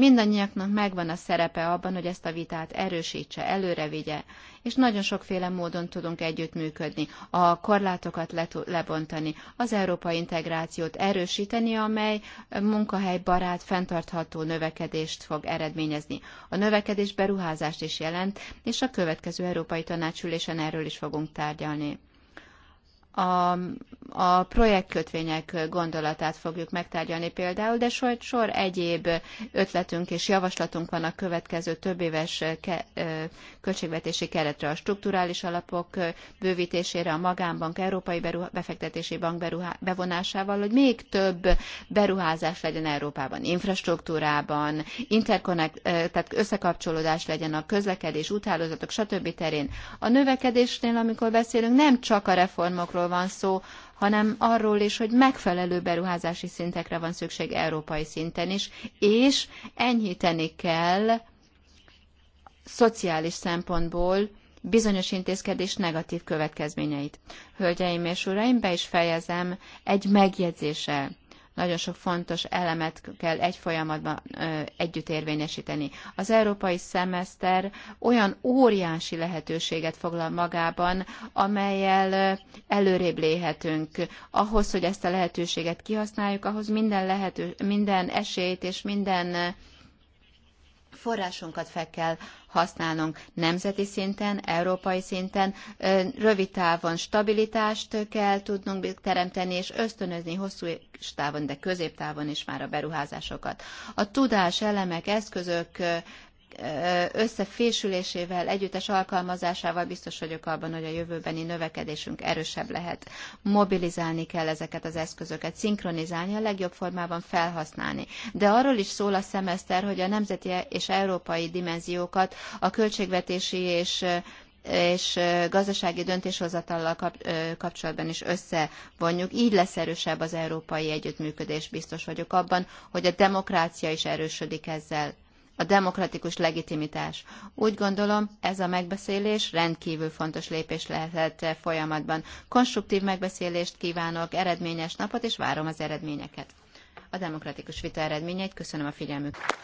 Mindannyiaknak megvan a szerepe abban, hogy ezt a vitát erősítse, előre vigye, és nagyon sokféle módon tudunk együttműködni, a korlátokat lebontani, az európai integrációt erősíteni, amely munkahelybarát, fenntartható növekedést fog eredményezni. A növekedés beruházást is jelent, és a következő Európai Tanácsülésen erről is fogunk tárgyalni a, a projektkötvények gondolatát fogjuk megtárgyalni például, de sor, sor egyéb ötletünk és javaslatunk van a következő több éves ke, költségvetési keretre, a strukturális alapok bővítésére, a Magánbank Európai Beruha, Befektetési Bank beruha, bevonásával, hogy még több beruházás legyen Európában, infrastruktúrában, interkonnekt, tehát összekapcsolódás legyen a közlekedés, úthálózatok, stb. terén. A növekedésnél, amikor beszélünk, nem csak a reformokról, beruházásról van szó, hanem arról is, hogy megfelelő beruházási szintekre van szükség európai szinten is, és enyhíteni kell szociális szempontból bizonyos intézkedés negatív következményeit. Hölgyeim és uraim, be is fejezem egy megjegyzéssel nagyon sok fontos elemet kell egy folyamatban együtt érvényesíteni. Az európai szemeszter olyan óriási lehetőséget foglal magában, amelyel előrébb léhetünk. Ahhoz, hogy ezt a lehetőséget kihasználjuk, ahhoz minden, lehető, minden esélyt és minden forrásunkat fel kell használnunk nemzeti szinten, európai szinten, rövid távon stabilitást kell tudnunk teremteni, és ösztönözni hosszú távon, de középtávon is már a beruházásokat. A tudás, elemek, eszközök összefésülésével, együttes alkalmazásával biztos vagyok abban, hogy a jövőbeni növekedésünk erősebb lehet. Mobilizálni kell ezeket az eszközöket, szinkronizálni, a legjobb formában felhasználni. De arról is szól a szemeszter, hogy a nemzeti és európai dimenziókat a költségvetési és és gazdasági döntéshozatallal kapcsolatban is összevonjuk. Így lesz erősebb az európai együttműködés, biztos vagyok abban, hogy a demokrácia is erősödik ezzel a demokratikus legitimitás. Úgy gondolom, ez a megbeszélés rendkívül fontos lépés lehetett folyamatban. Konstruktív megbeszélést kívánok, eredményes napot, és várom az eredményeket. A demokratikus vita eredményeit köszönöm a figyelmüket.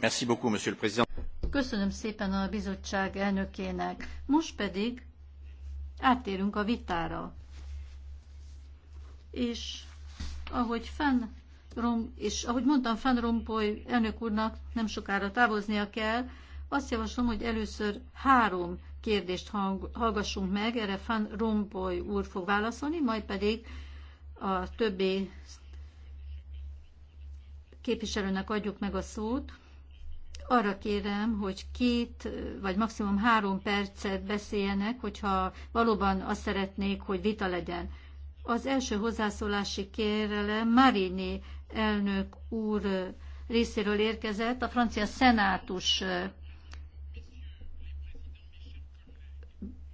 Merci beaucoup, monsieur le président. Köszönöm szépen a bizottság elnökének. Most pedig áttérünk a vitára és ahogy fenn Rom, és ahogy mondtam, Fan Rompoy elnök úrnak nem sokára távoznia kell, azt javaslom, hogy először három kérdést hang, hallgassunk meg, erre Fan úr fog válaszolni, majd pedig a többi képviselőnek adjuk meg a szót. Arra kérem, hogy két vagy maximum három percet beszéljenek, hogyha valóban azt szeretnék, hogy vita legyen. Az első hozzászólási kérelem Marini elnök úr részéről érkezett, a francia szenátus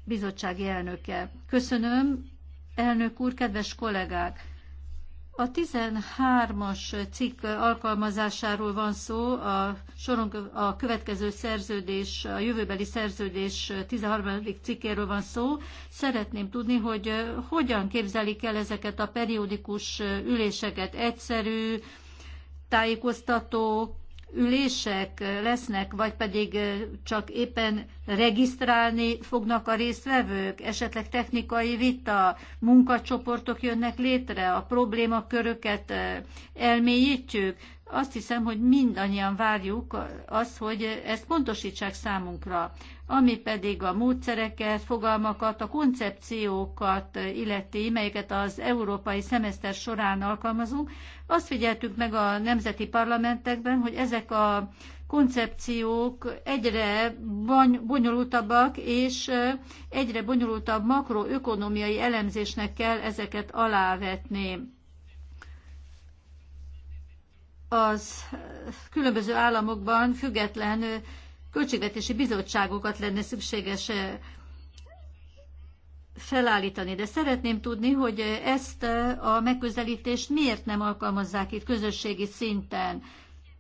bizottsági elnöke. Köszönöm, elnök úr, kedves kollégák! A 13-as cikk alkalmazásáról van szó, a, soron, a következő szerződés, a jövőbeli szerződés 13. cikkéről van szó. Szeretném tudni, hogy hogyan képzelik el ezeket a periódikus üléseket, egyszerű, tájékoztatók, ülések lesznek, vagy pedig csak éppen regisztrálni fognak a résztvevők, esetleg technikai vita, munkacsoportok jönnek létre, a problémaköröket elmélyítjük, azt hiszem, hogy mindannyian várjuk azt, hogy ezt pontosítsák számunkra. Ami pedig a módszereket, fogalmakat, a koncepciókat illeti, melyeket az európai szemeszter során alkalmazunk, azt figyeltük meg a nemzeti parlamentekben, hogy ezek a koncepciók egyre bonyolultabbak, és egyre bonyolultabb makroökonomiai elemzésnek kell ezeket alávetni az különböző államokban független költségvetési bizottságokat lenne szükséges felállítani. De szeretném tudni, hogy ezt a megközelítést miért nem alkalmazzák itt közösségi szinten.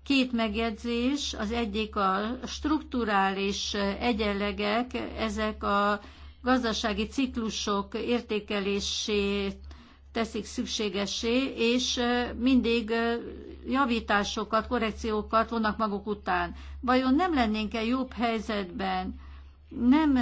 Két megjegyzés, az egyik a strukturális egyenlegek, ezek a gazdasági ciklusok értékelését teszik szükségessé, és mindig javításokat, korrekciókat vonnak maguk után. Vajon nem lennénk-e jobb helyzetben? Nem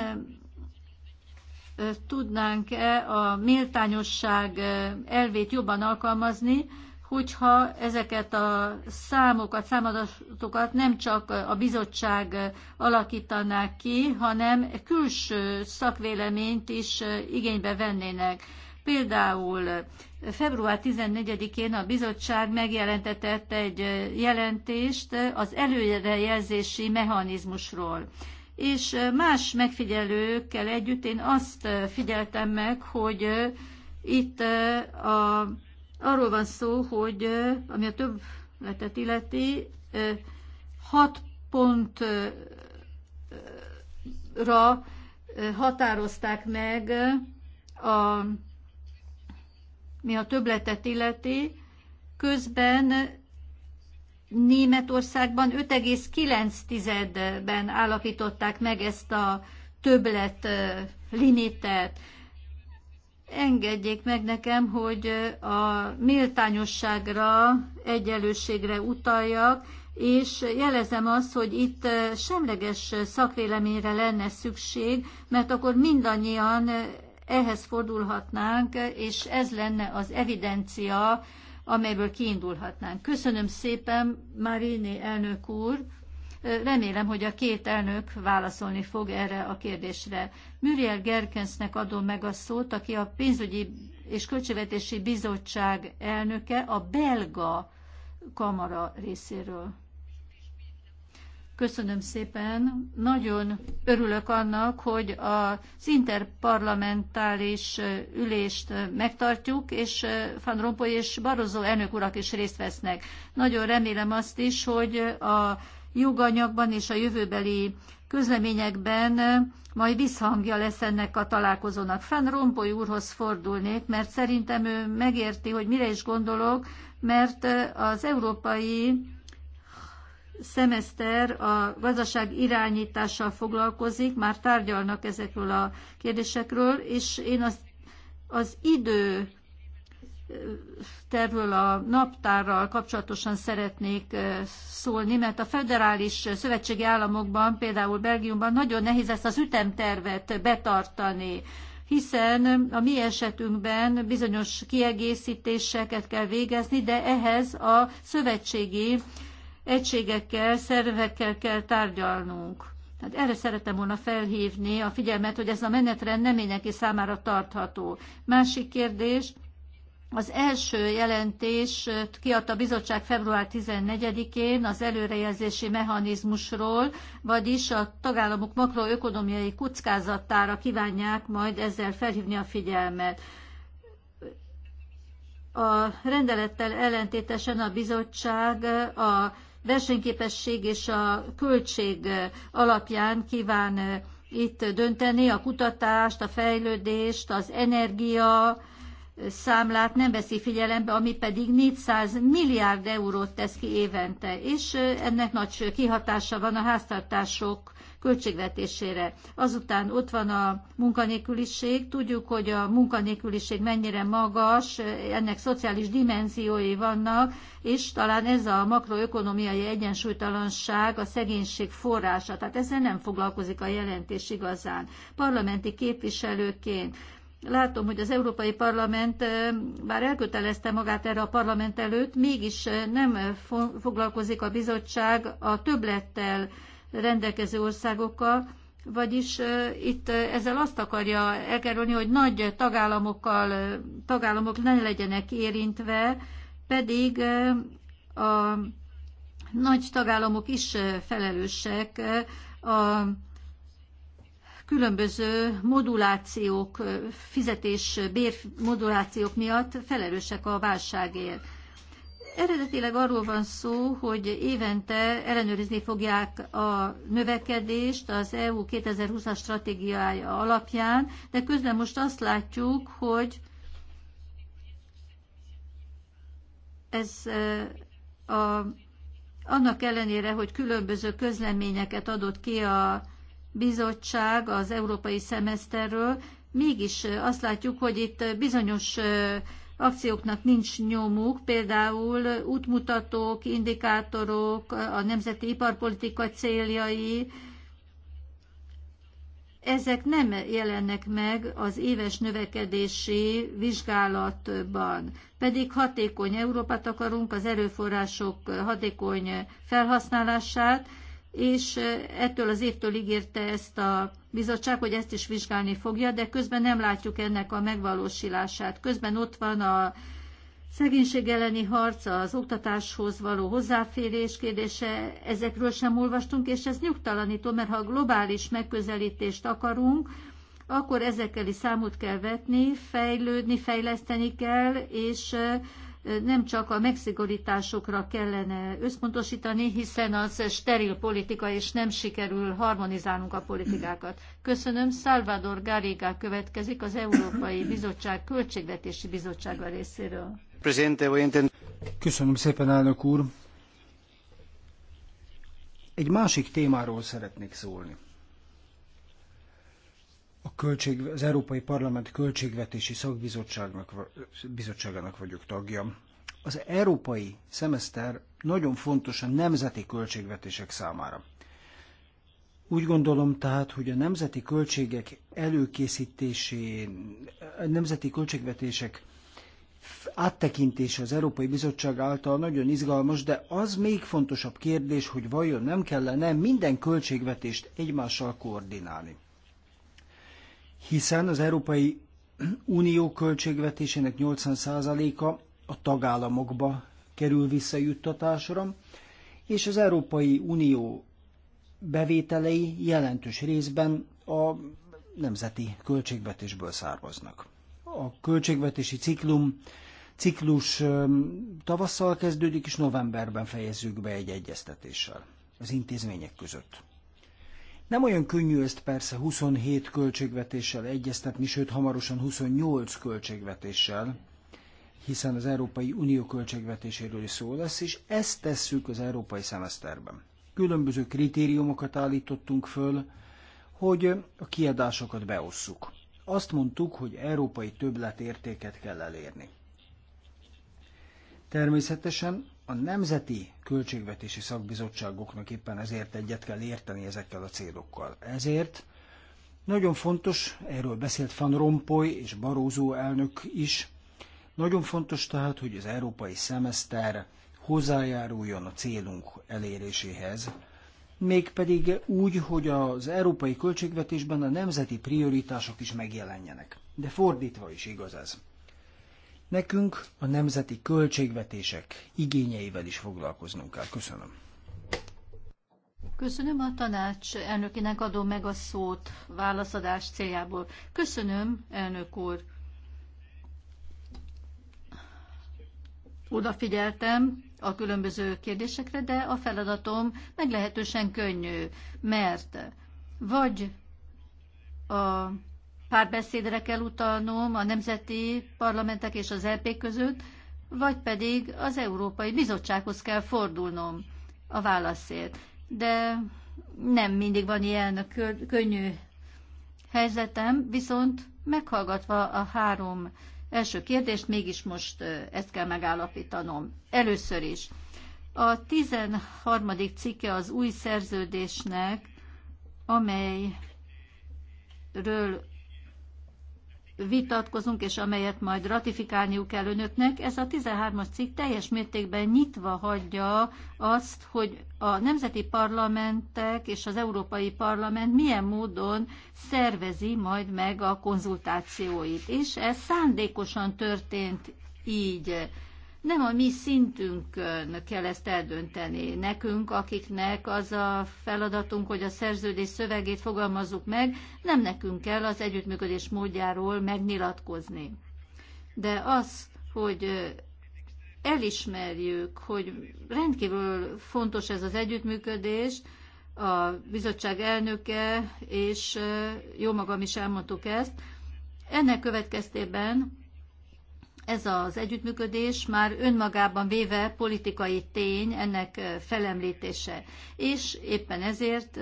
tudnánk-e a méltányosság elvét jobban alkalmazni, hogyha ezeket a számokat, számadatokat nem csak a bizottság alakítanák ki, hanem külső szakvéleményt is igénybe vennének. Például február 14-én a bizottság megjelentetett egy jelentést az előrejelzési mechanizmusról. És más megfigyelőkkel együtt én azt figyeltem meg, hogy itt a, arról van szó, hogy ami a letet illeti, 6 pontra határozták meg a mi a töbletet illeti, közben Németországban 5,9-ben állapították meg ezt a többlet limitet. Engedjék meg nekem, hogy a méltányosságra, egyenlőségre utaljak, és jelezem azt, hogy itt semleges szakvéleményre lenne szükség, mert akkor mindannyian ehhez fordulhatnánk, és ez lenne az evidencia, amelyből kiindulhatnánk. Köszönöm szépen, Marini elnök úr. Remélem, hogy a két elnök válaszolni fog erre a kérdésre. Muriel Gerkensnek adom meg a szót, aki a pénzügyi és költségvetési bizottság elnöke a belga kamara részéről. Köszönöm szépen. Nagyon örülök annak, hogy az interparlamentális ülést megtartjuk, és eh, Van Rompuy és Barozó elnök urak is részt vesznek. Nagyon remélem azt is, hogy a joganyagban és a jövőbeli közleményekben eh, majd visszhangja lesz ennek a találkozónak. Fenn Rompoly úrhoz fordulnék, mert szerintem ő megérti, hogy mire is gondolok, mert eh, az európai szemeszter a gazdaság irányítással foglalkozik, már tárgyalnak ezekről a kérdésekről, és én az, az idő tervről a naptárral kapcsolatosan szeretnék szólni, mert a federális szövetségi államokban, például Belgiumban nagyon nehéz ezt az ütemtervet betartani hiszen a mi esetünkben bizonyos kiegészítéseket kell végezni, de ehhez a szövetségi egységekkel, szervekkel kell tárgyalnunk. Tehát erre szeretem volna felhívni a figyelmet, hogy ez a menetrend nem mindenki számára tartható. Másik kérdés, az első jelentés kiadta a bizottság február 14-én az előrejelzési mechanizmusról, vagyis a tagállamok makroökonomiai kockázatára kívánják majd ezzel felhívni a figyelmet. A rendelettel ellentétesen a bizottság a versenyképesség és a költség alapján kíván itt dönteni, a kutatást, a fejlődést, az energia számlát nem veszi figyelembe, ami pedig 400 milliárd eurót tesz ki évente, és ennek nagy kihatása van a háztartások költségvetésére. Azután ott van a munkanélküliség. Tudjuk, hogy a munkanélküliség mennyire magas, ennek szociális dimenziói vannak, és talán ez a makroökonomiai egyensúlytalanság a szegénység forrása. Tehát ezzel nem foglalkozik a jelentés igazán. Parlamenti képviselőként látom, hogy az Európai Parlament bár elkötelezte magát erre a parlament előtt, mégis nem foglalkozik a bizottság a többlettel rendelkező országokkal, vagyis itt ezzel azt akarja elkerülni, hogy nagy tagállamokkal, tagállamok ne legyenek érintve, pedig a nagy tagállamok is felelősek a különböző modulációk, fizetés, bérmodulációk miatt felelősek a válságért. Eredetileg arról van szó, hogy évente ellenőrizni fogják a növekedést az EU 2020-as stratégiája alapján, de közben most azt látjuk, hogy ez a, annak ellenére, hogy különböző közleményeket adott ki a bizottság az európai szemeszterről, mégis azt látjuk, hogy itt bizonyos akcióknak nincs nyomuk, például útmutatók, indikátorok, a nemzeti iparpolitika céljai, ezek nem jelennek meg az éves növekedési vizsgálatban, pedig hatékony Európát akarunk, az erőforrások hatékony felhasználását, és eh, ettől az évtől ígérte ezt a bizottság, hogy ezt is vizsgálni fogja, de közben nem látjuk ennek a megvalósulását. Közben ott van a szegénység elleni harc, az oktatáshoz való hozzáférés kérdése, ezekről sem olvastunk, és ez nyugtalanító, mert ha globális megközelítést akarunk, akkor ezekkel is számot kell vetni, fejlődni, fejleszteni kell, és eh, nem csak a megszigorításokra kellene összpontosítani, hiszen az steril politika, és nem sikerül harmonizálnunk a politikákat. Köszönöm. Salvador Garriga következik az Európai Bizottság Költségvetési Bizottsága részéről. Köszönöm szépen, elnök úr. Egy másik témáról szeretnék szólni a költség, az Európai Parlament Költségvetési Szakbizottságnak bizottságának vagyok tagja. Az európai szemeszter nagyon fontos a nemzeti költségvetések számára. Úgy gondolom tehát, hogy a nemzeti költségek előkészítésén, a nemzeti költségvetések áttekintése az Európai Bizottság által nagyon izgalmas, de az még fontosabb kérdés, hogy vajon nem kellene minden költségvetést egymással koordinálni hiszen az Európai Unió költségvetésének 80%-a a tagállamokba kerül visszajuttatásra, és az Európai Unió bevételei jelentős részben a nemzeti költségvetésből származnak. A költségvetési ciklum ciklus tavasszal kezdődik, és novemberben fejezzük be egy egyeztetéssel az intézmények között. Nem olyan könnyű ezt persze 27 költségvetéssel egyeztetni, sőt hamarosan 28 költségvetéssel, hiszen az Európai Unió költségvetéséről is szó lesz, és ezt tesszük az európai szemeszterben. Különböző kritériumokat állítottunk föl, hogy a kiadásokat beosszuk. Azt mondtuk, hogy európai többletértéket kell elérni. Természetesen a nemzeti költségvetési szakbizottságoknak éppen ezért egyet kell érteni ezekkel a célokkal. Ezért nagyon fontos, erről beszélt Van Rompuy és Barózó elnök is, nagyon fontos tehát, hogy az európai szemeszter hozzájáruljon a célunk eléréséhez, mégpedig úgy, hogy az európai költségvetésben a nemzeti prioritások is megjelenjenek. De fordítva is igaz ez. Nekünk a nemzeti költségvetések igényeivel is foglalkoznunk kell. Köszönöm. Köszönöm a tanács elnökének adom meg a szót válaszadás céljából. Köszönöm, elnök úr. Odafigyeltem a különböző kérdésekre, de a feladatom meglehetősen könnyű, mert vagy a párbeszédre kell utalnom a nemzeti parlamentek és az LP e között, vagy pedig az Európai Bizottsághoz kell fordulnom a válaszért. De nem mindig van ilyen könnyű helyzetem, viszont meghallgatva a három első kérdést, mégis most ezt kell megállapítanom. Először is. A 13. cikke az új szerződésnek, amelyről vitatkozunk, és amelyet majd ratifikálniuk kell önöknek, ez a 13-as cikk teljes mértékben nyitva hagyja azt, hogy a nemzeti parlamentek és az Európai Parlament milyen módon szervezi majd meg a konzultációit. És ez szándékosan történt így nem a mi szintünkön kell ezt eldönteni. Nekünk, akiknek az a feladatunk, hogy a szerződés szövegét fogalmazzuk meg, nem nekünk kell az együttműködés módjáról megnyilatkozni. De az, hogy elismerjük, hogy rendkívül fontos ez az együttműködés, a bizottság elnöke, és jó magam is elmondtuk ezt, ennek következtében ez az együttműködés már önmagában véve politikai tény, ennek felemlítése. És éppen ezért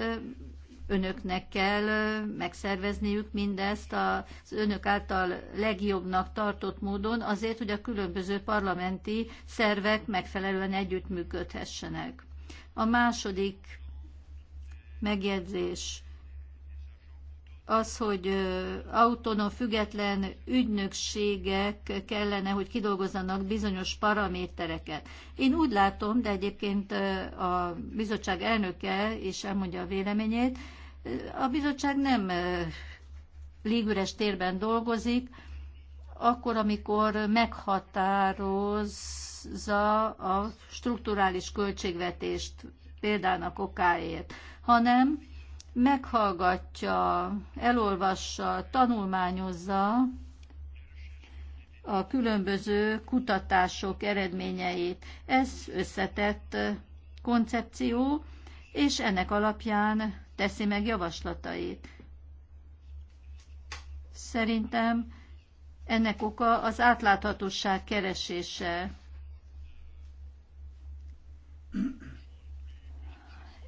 önöknek kell megszervezniük mindezt az önök által legjobbnak tartott módon, azért, hogy a különböző parlamenti szervek megfelelően együttműködhessenek. A második megjegyzés az, hogy autonóm, független ügynökségek kellene, hogy kidolgozzanak bizonyos paramétereket. Én úgy látom, de egyébként a bizottság elnöke is elmondja a véleményét, a bizottság nem légüres térben dolgozik, akkor, amikor meghatározza a strukturális költségvetést példának okáért, hanem meghallgatja, elolvassa, tanulmányozza a különböző kutatások eredményeit. Ez összetett koncepció, és ennek alapján teszi meg javaslatait. Szerintem ennek oka az átláthatóság keresése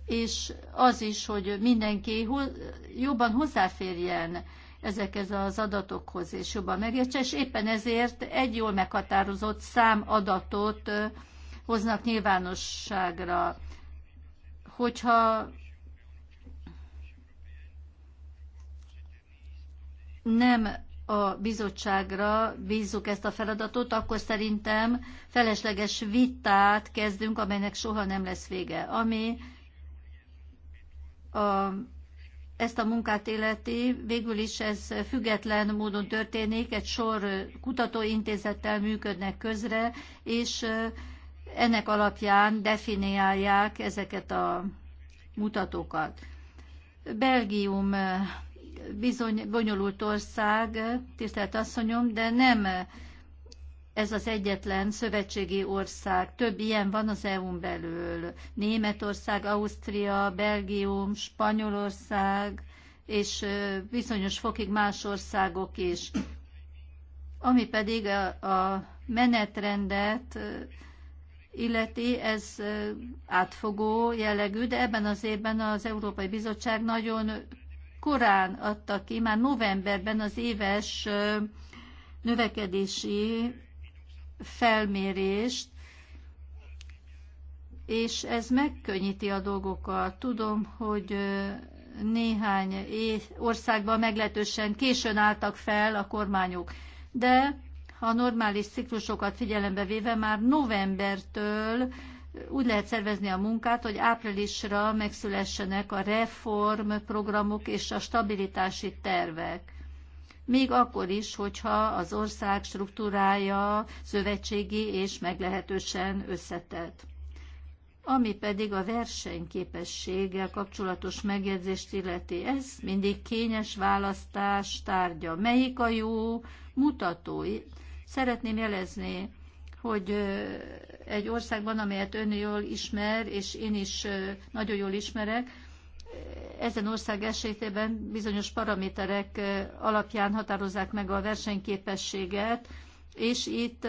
és az is, hogy mindenki jobban hozzáférjen ezekhez az adatokhoz, és jobban megértse, és éppen ezért egy jól meghatározott szám adatot hoznak nyilvánosságra. Hogyha nem a bizottságra bízzuk ezt a feladatot, akkor szerintem felesleges vitát kezdünk, amelynek soha nem lesz vége. Ami a, ezt a munkát életi, végül is ez független módon történik, egy sor kutatóintézettel működnek közre, és ennek alapján definiálják ezeket a mutatókat. Belgium bizony bonyolult ország, tisztelt asszonyom, de nem ez az egyetlen szövetségi ország. Több ilyen van az EU-n belül. Németország, Ausztria, Belgium, Spanyolország, és bizonyos fokig más országok is. Ami pedig a, a menetrendet illeti, ez átfogó jellegű, de ebben az évben az Európai Bizottság nagyon korán adta ki, már novemberben az éves növekedési felmérést, és ez megkönnyíti a dolgokat. Tudom, hogy néhány országban meglehetősen későn álltak fel a kormányok, de ha a normális ciklusokat figyelembe véve már novembertől úgy lehet szervezni a munkát, hogy áprilisra megszülessenek a reformprogramok és a stabilitási tervek még akkor is, hogyha az ország struktúrája szövetségi és meglehetősen összetett. Ami pedig a versenyképességgel kapcsolatos megjegyzést illeti, ez mindig kényes választás tárgya. Melyik a jó mutatói? Szeretném jelezni, hogy egy országban, amelyet ön jól ismer, és én is nagyon jól ismerek, ezen ország esetében bizonyos paraméterek alapján határozzák meg a versenyképességet, és itt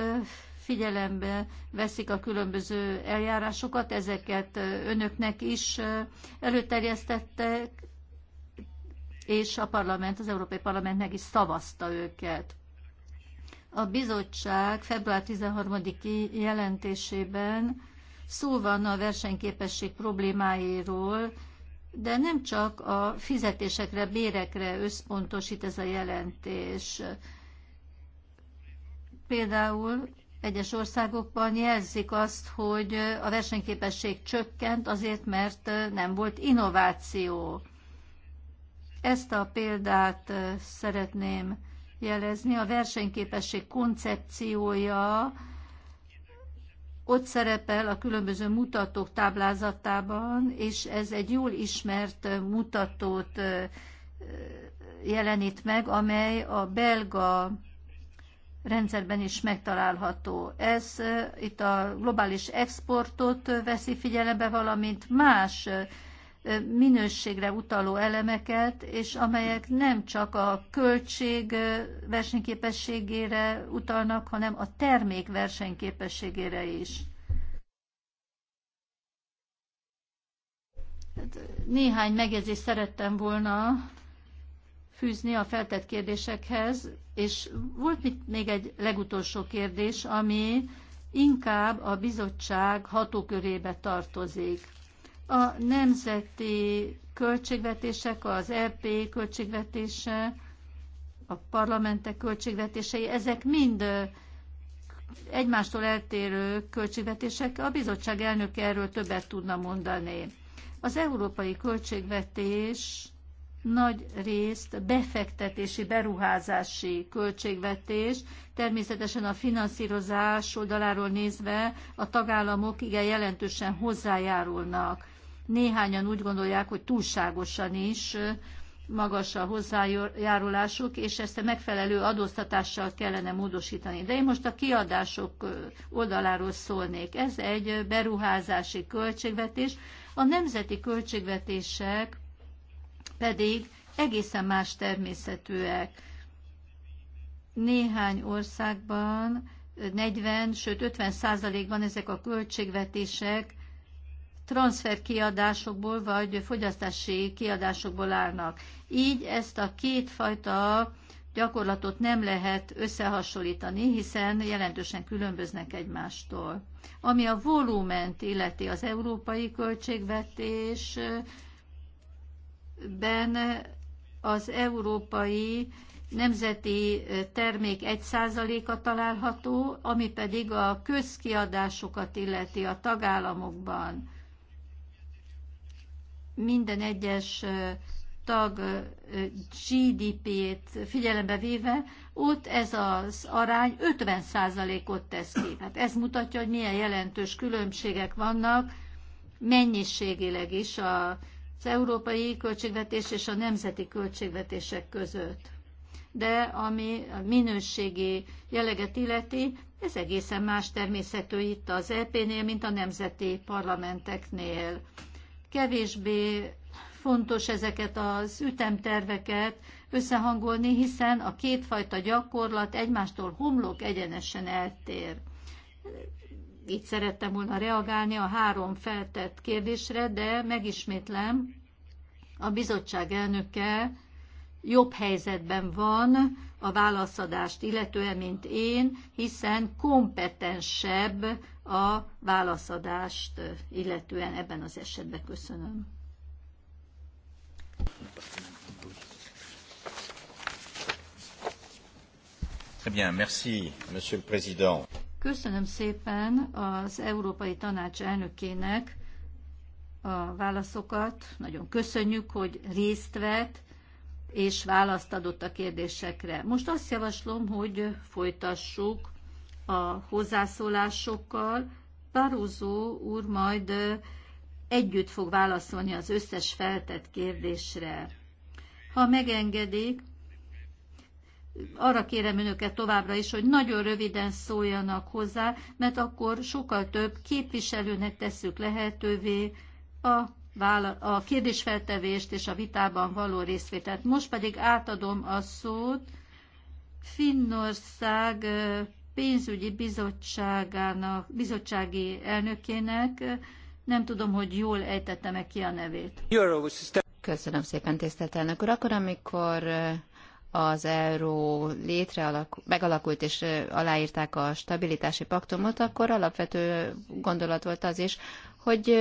figyelembe veszik a különböző eljárásokat, ezeket önöknek is előterjesztettek, és a parlament, az Európai Parlament meg is szavazta őket. A bizottság február 13-i jelentésében szó van a versenyképesség problémáiról, de nem csak a fizetésekre, bérekre összpontosít ez a jelentés. Például egyes országokban jelzik azt, hogy a versenyképesség csökkent azért, mert nem volt innováció. Ezt a példát szeretném jelezni. A versenyképesség koncepciója ott szerepel a különböző mutatók táblázatában, és ez egy jól ismert mutatót jelenít meg, amely a belga rendszerben is megtalálható. Ez itt a globális exportot veszi figyelembe, valamint más minőségre utaló elemeket, és amelyek nem csak a költség versenyképességére utalnak, hanem a termék versenyképességére is. Hát, néhány megjegyzést szerettem volna fűzni a feltett kérdésekhez, és volt itt még egy legutolsó kérdés, ami inkább a bizottság hatókörébe tartozik a nemzeti költségvetések, az EP költségvetése, a parlamentek költségvetései, ezek mind egymástól eltérő költségvetések. A bizottság elnöke erről többet tudna mondani. Az európai költségvetés nagy részt befektetési, beruházási költségvetés. Természetesen a finanszírozás oldaláról nézve a tagállamok igen jelentősen hozzájárulnak Néhányan úgy gondolják, hogy túlságosan is magas a hozzájárulásuk, és ezt a megfelelő adóztatással kellene módosítani. De én most a kiadások oldaláról szólnék. Ez egy beruházási költségvetés, a nemzeti költségvetések pedig egészen más természetűek. Néhány országban 40, sőt 50 százalékban ezek a költségvetések transferkiadásokból vagy fogyasztási kiadásokból állnak. Így ezt a két fajta gyakorlatot nem lehet összehasonlítani, hiszen jelentősen különböznek egymástól. Ami a volument illeti az európai költségvetésben az európai nemzeti termék 1%-a található, ami pedig a közkiadásokat illeti a tagállamokban minden egyes tag GDP-ét figyelembe véve, ott ez az arány 50%-ot tesz ki. Hát ez mutatja, hogy milyen jelentős különbségek vannak mennyiségileg is az európai költségvetés és a nemzeti költségvetések között. De ami a minőségi jelleget illeti, ez egészen más természetű itt az EP-nél, mint a nemzeti parlamenteknél kevésbé fontos ezeket az ütemterveket összehangolni, hiszen a kétfajta gyakorlat egymástól homlok egyenesen eltér. Így szerettem volna reagálni a három feltett kérdésre, de megismétlem, a bizottság elnöke jobb helyzetben van, a válaszadást illetően, mint én, hiszen kompetensebb a válaszadást illetően ebben az esetben. Köszönöm. Köszönöm szépen az Európai Tanács elnökének a válaszokat. Nagyon köszönjük, hogy részt vett és választ adott a kérdésekre. Most azt javaslom, hogy folytassuk a hozzászólásokkal. Barózó úr majd együtt fog válaszolni az összes feltett kérdésre. Ha megengedik, arra kérem önöket továbbra is, hogy nagyon röviden szóljanak hozzá, mert akkor sokkal több képviselőnek tesszük lehetővé a a kérdésfeltevést és a vitában való részvételt. Most pedig átadom a szót Finnország pénzügyi bizottságának, bizottsági elnökének, nem tudom, hogy jól ejtettem-e ki a nevét. Köszönöm szépen, tisztelt elnök úr. Akkor, amikor az euró létre alakul, megalakult és aláírták a stabilitási paktumot, akkor alapvető gondolat volt az is, hogy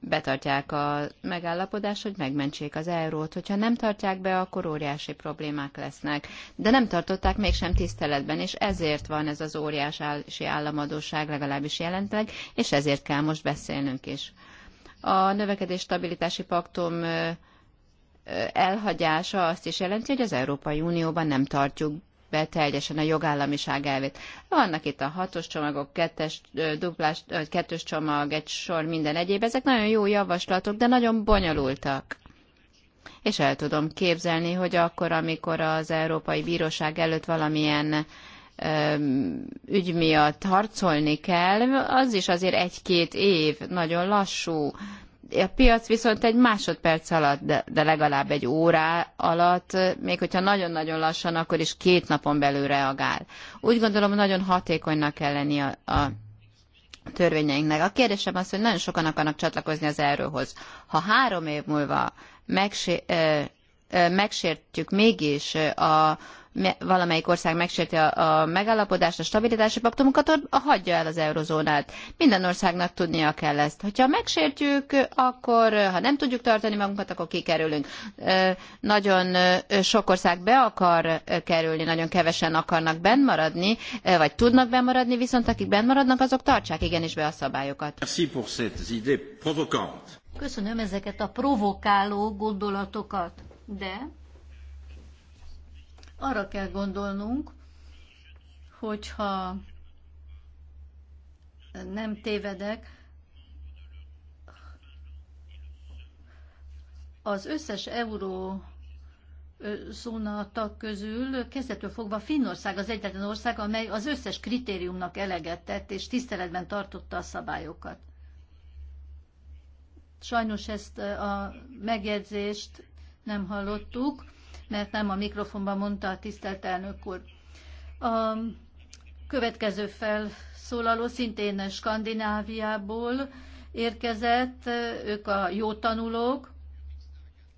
betartják a megállapodást, hogy megmentsék az eurót. Hogyha nem tartják be, akkor óriási problémák lesznek. De nem tartották mégsem tiszteletben, és ezért van ez az óriási államadóság legalábbis jelentleg, és ezért kell most beszélnünk is. A növekedés stabilitási paktum elhagyása azt is jelenti, hogy az Európai Unióban nem tartjuk be teljesen a jogállamiság elvét. Vannak itt a hatos csomagok, kettes, duplás, kettős csomag, egy sor, minden egyéb. Ezek nagyon jó javaslatok, de nagyon bonyolultak. És el tudom képzelni, hogy akkor, amikor az Európai Bíróság előtt valamilyen ügy miatt harcolni kell, az is azért egy-két év, nagyon lassú, a piac viszont egy másodperc alatt, de, de legalább egy órá alatt, még hogyha nagyon-nagyon lassan, akkor is két napon belül reagál. Úgy gondolom, nagyon hatékonynak kell lenni a, a törvényeinknek. A kérdésem az, hogy nagyon sokan akarnak csatlakozni az erőhoz. Ha három év múlva megsé, ö, ö, megsértjük mégis a valamelyik ország megsérti a, a megállapodást, a stabilitási paktumokat, a hagyja el az eurozónát. Minden országnak tudnia kell ezt. Hogyha megsértjük, akkor ha nem tudjuk tartani magunkat, akkor kikerülünk. Nagyon sok ország be akar kerülni, nagyon kevesen akarnak benn maradni, vagy tudnak benn maradni, viszont akik benn maradnak, azok tartsák igenis be a szabályokat. Köszönöm ezeket a provokáló gondolatokat, de arra kell gondolnunk, hogyha nem tévedek, az összes euró zóna tag közül kezdetől fogva Finnország az egyetlen ország, amely az összes kritériumnak eleget tett és tiszteletben tartotta a szabályokat. Sajnos ezt a megjegyzést nem hallottuk mert nem a mikrofonban mondta a tisztelt elnök úr. A következő felszólaló szintén Skandináviából érkezett, ők a jó tanulók,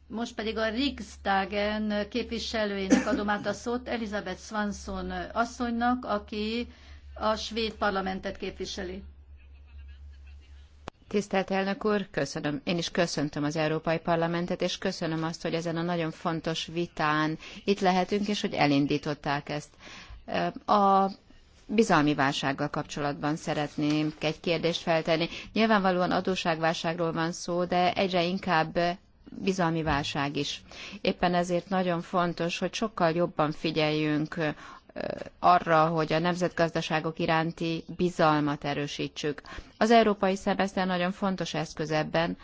most pedig a Riksdagen képviselőjének adom át a szót Elizabeth Swanson asszonynak, aki a svéd parlamentet képviseli. Tisztelt elnök úr, köszönöm. Én is köszöntöm az Európai Parlamentet, és köszönöm azt, hogy ezen a nagyon fontos vitán itt lehetünk, és hogy elindították ezt. A bizalmi válsággal kapcsolatban szeretném egy kérdést feltenni. Nyilvánvalóan adóságválságról van szó, de egyre inkább bizalmi válság is. Éppen ezért nagyon fontos, hogy sokkal jobban figyeljünk arra, hogy a nemzetgazdaságok iránti bizalmat erősítsük. Az európai szemeszter nagyon fontos eszköz ebben,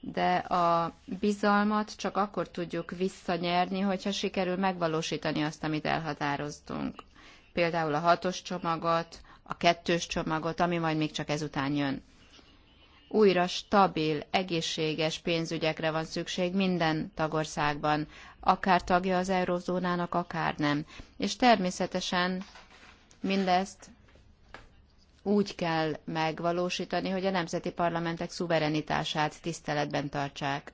de a bizalmat csak akkor tudjuk visszanyerni, hogyha sikerül megvalósítani azt, amit elhatároztunk. Például a hatos csomagot, a kettős csomagot, ami majd még csak ezután jön újra stabil, egészséges pénzügyekre van szükség minden tagországban, akár tagja az eurozónának, akár nem. És természetesen mindezt úgy kell megvalósítani, hogy a nemzeti parlamentek szuverenitását tiszteletben tartsák.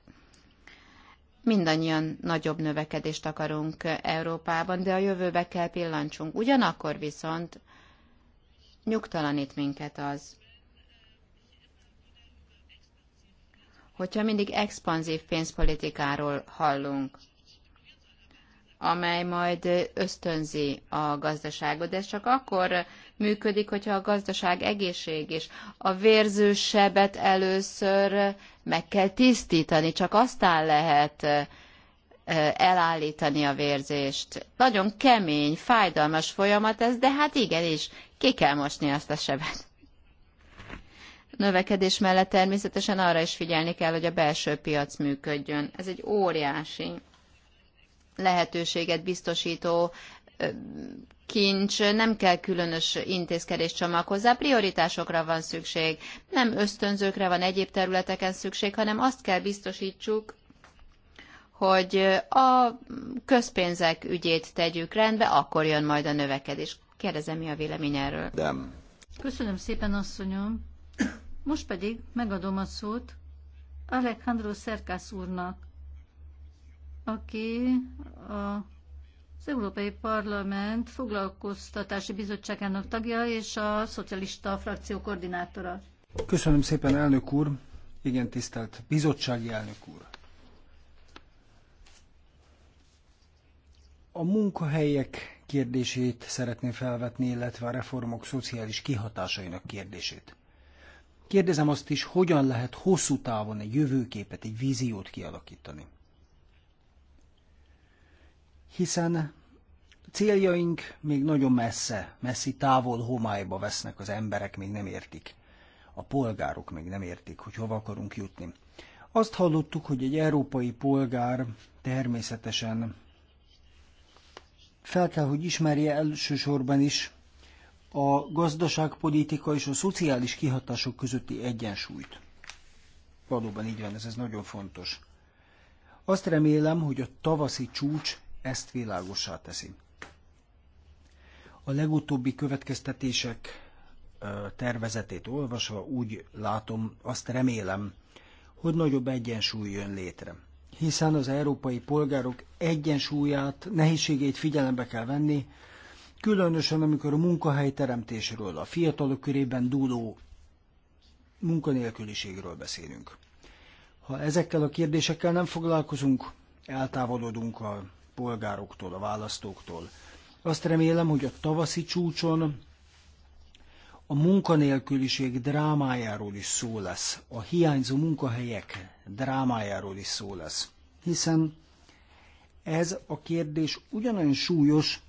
Mindannyian nagyobb növekedést akarunk Európában, de a jövőbe kell pillancsunk. Ugyanakkor viszont nyugtalanít minket az, hogyha mindig expanzív pénzpolitikáról hallunk, amely majd ösztönzi a gazdaságot, de ez csak akkor működik, hogyha a gazdaság egészséges. A vérző sebet először meg kell tisztítani, csak aztán lehet elállítani a vérzést. Nagyon kemény, fájdalmas folyamat ez, de hát igenis, ki kell mosni azt a sebet növekedés mellett természetesen arra is figyelni kell, hogy a belső piac működjön. Ez egy óriási lehetőséget biztosító kincs, nem kell különös intézkedés csomag hozzá, prioritásokra van szükség, nem ösztönzőkre van egyéb területeken szükség, hanem azt kell biztosítsuk, hogy a közpénzek ügyét tegyük rendbe, akkor jön majd a növekedés. Kérdezem, mi a vélemény erről? Nem. Köszönöm szépen, asszonyom. Most pedig megadom a szót Alejandro Szerkász úrnak, aki a az Európai Parlament foglalkoztatási bizottságának tagja és a szocialista frakció koordinátora. Köszönöm szépen, elnök úr. Igen, tisztelt bizottsági elnök úr. A munkahelyek kérdését szeretném felvetni, illetve a reformok szociális kihatásainak kérdését. Kérdezem azt is, hogyan lehet hosszú távon egy jövőképet, egy víziót kialakítani. Hiszen céljaink még nagyon messze, messzi távol homályba vesznek az emberek, még nem értik. A polgárok még nem értik, hogy hova akarunk jutni. Azt hallottuk, hogy egy európai polgár természetesen fel kell, hogy ismerje elsősorban is a gazdaságpolitika és a szociális kihatások közötti egyensúlyt. Valóban így van, ez, ez nagyon fontos. Azt remélem, hogy a tavaszi csúcs ezt világosá teszi. A legutóbbi következtetések tervezetét olvasva úgy látom, azt remélem, hogy nagyobb egyensúly jön létre. Hiszen az európai polgárok egyensúlyát, nehézségét figyelembe kell venni, Különösen, amikor a munkahelyteremtésről, a fiatalok körében dúló munkanélküliségről beszélünk. Ha ezekkel a kérdésekkel nem foglalkozunk, eltávolodunk a polgároktól, a választóktól. Azt remélem, hogy a tavaszi csúcson a munkanélküliség drámájáról is szó lesz, a hiányzó munkahelyek drámájáról is szó lesz. Hiszen ez a kérdés ugyanolyan súlyos,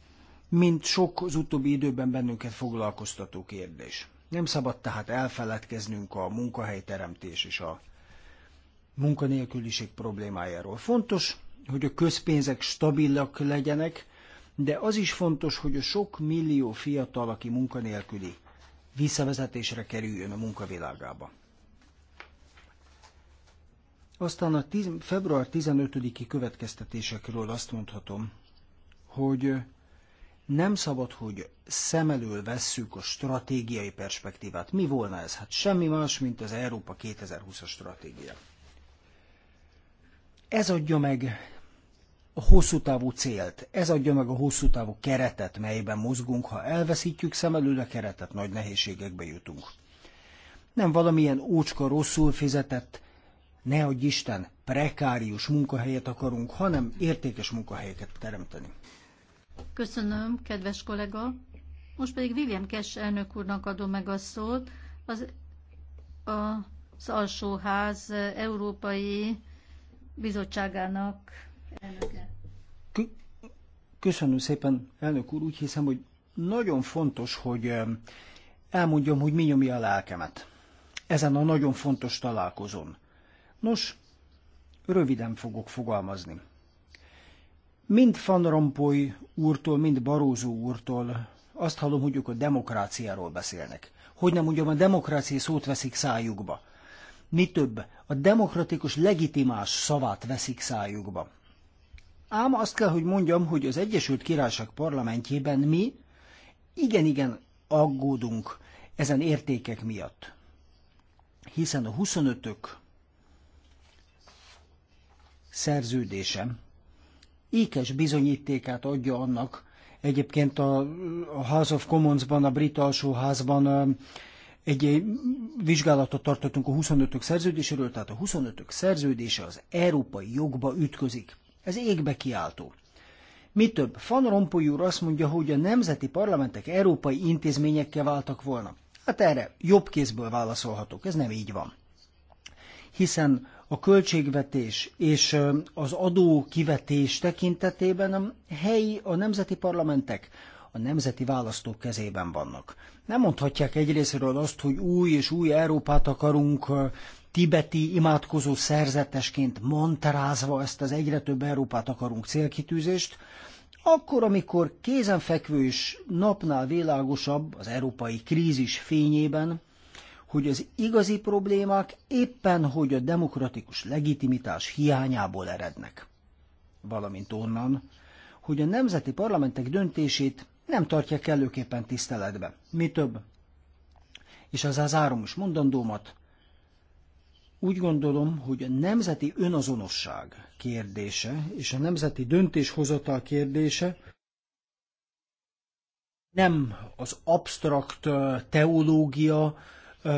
mint sok az utóbbi időben bennünket foglalkoztató kérdés. Nem szabad tehát elfeledkeznünk a munkahelyteremtés és a munkanélküliség problémájáról. Fontos, hogy a közpénzek stabilak legyenek, de az is fontos, hogy a sok millió fiatal, aki munkanélküli, visszavezetésre kerüljön a munkavilágába. Aztán a február 15-i következtetésekről azt mondhatom, hogy nem szabad, hogy szem elől vesszük a stratégiai perspektívát. Mi volna ez? Hát semmi más, mint az Európa 2020-as stratégia. Ez adja meg a hosszú távú célt, ez adja meg a hosszú távú keretet, melyben mozgunk, ha elveszítjük szem elől a keretet, nagy nehézségekbe jutunk. Nem valamilyen ócska rosszul fizetett, ne adj Isten, prekárius munkahelyet akarunk, hanem értékes munkahelyeket teremteni. Köszönöm, kedves kollega. Most pedig William Cash elnök úrnak adom meg a szót. Az, a, az Alsóház Európai Bizottságának elnöke. Köszönöm szépen, elnök úr. Úgy hiszem, hogy nagyon fontos, hogy elmondjam, hogy mi nyomja a lelkemet. Ezen a nagyon fontos találkozón. Nos, röviden fogok fogalmazni. Mind Van Rompuy úrtól, mind Barózó úrtól azt hallom, hogy ők a demokráciáról beszélnek. Hogy nem mondjam, a demokrácia szót veszik szájukba. Mi több, a demokratikus legitimás szavát veszik szájukba. Ám azt kell, hogy mondjam, hogy az Egyesült Királyság parlamentjében mi igen-igen aggódunk ezen értékek miatt. Hiszen a 25-ök szerződése ékes bizonyítékát adja annak, egyébként a, House of Commons-ban, a brit alsóházban egy vizsgálatot tartottunk a 25-ök szerződéséről, tehát a 25-ök szerződése az európai jogba ütközik. Ez égbe kiáltó. Mi több, Van Rompuy úr azt mondja, hogy a nemzeti parlamentek európai intézményekkel váltak volna. Hát erre jobb kézből válaszolhatok, ez nem így van. Hiszen a költségvetés és az adó kivetés tekintetében a hm, helyi, a nemzeti parlamentek a nemzeti választók kezében vannak. Nem mondhatják egyrésztről azt, hogy új és új Európát akarunk, tibeti imádkozó szerzetesként monterázva ezt az egyre több Európát akarunk célkitűzést, akkor, amikor kézenfekvő és napnál világosabb az európai krízis fényében, hogy az igazi problémák éppen hogy a demokratikus legitimitás hiányából erednek. Valamint onnan, hogy a nemzeti parlamentek döntését nem tartják előképpen tiszteletbe. Mi több. És az zárom is mondandómat. Úgy gondolom, hogy a nemzeti önazonosság kérdése és a nemzeti döntéshozatal kérdése nem az absztrakt teológia,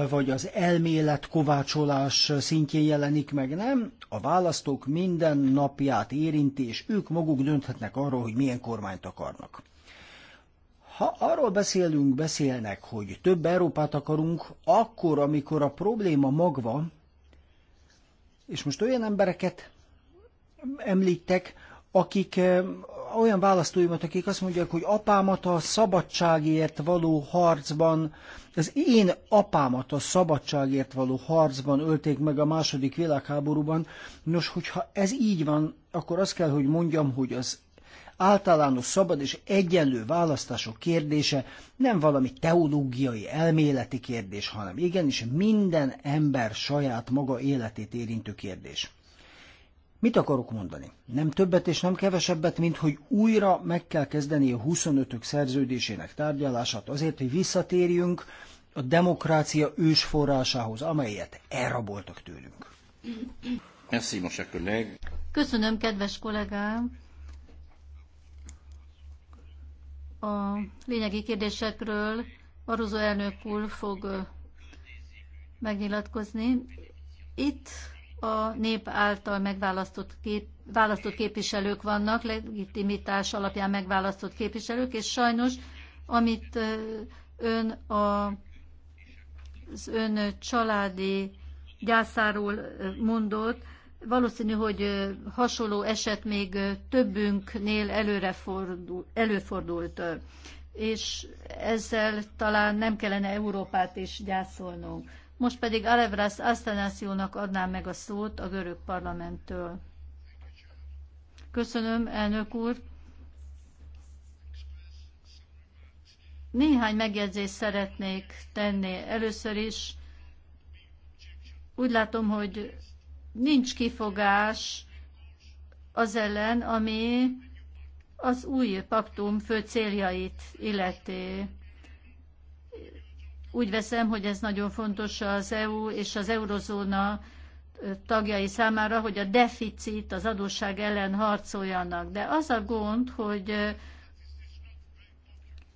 vagy az elmélet kovácsolás szintjén jelenik meg, nem? A választók minden napját érinti, és ők maguk dönthetnek arról, hogy milyen kormányt akarnak. Ha arról beszélünk, beszélnek, hogy több Európát akarunk, akkor, amikor a probléma magva, és most olyan embereket említek, akik olyan választóimat, akik azt mondják, hogy apámat a szabadságért való harcban, az én apámat a szabadságért való harcban ölték meg a második világháborúban. Nos, hogyha ez így van, akkor azt kell, hogy mondjam, hogy az általános szabad és egyenlő választások kérdése nem valami teológiai, elméleti kérdés, hanem igenis minden ember saját maga életét érintő kérdés. Mit akarok mondani? Nem többet és nem kevesebbet, mint hogy újra meg kell kezdeni a 25-ök szerződésének tárgyalását azért, hogy visszatérjünk a demokrácia ősforrásához, amelyet elraboltak tőlünk. Merci, Köszönöm, kedves kollégám. A lényegi kérdésekről Barozó elnök úr fog megnyilatkozni. Itt a nép által megválasztott kép, választott képviselők vannak, legitimitás alapján megválasztott képviselők, és sajnos, amit ön a, az ön családi gyászáról mondott, valószínű, hogy hasonló eset még többünknél előre fordul, előfordult, és ezzel talán nem kellene Európát is gyászolnunk. Most pedig Alevrász Asztanációnak adnám meg a szót a görög parlamenttől. Köszönöm, elnök úr. Néhány megjegyzést szeretnék tenni. Először is úgy látom, hogy nincs kifogás az ellen, ami az új paktum fő céljait illeti. Úgy veszem, hogy ez nagyon fontos az EU és az eurozóna tagjai számára, hogy a deficit, az adósság ellen harcoljanak. De az a gond, hogy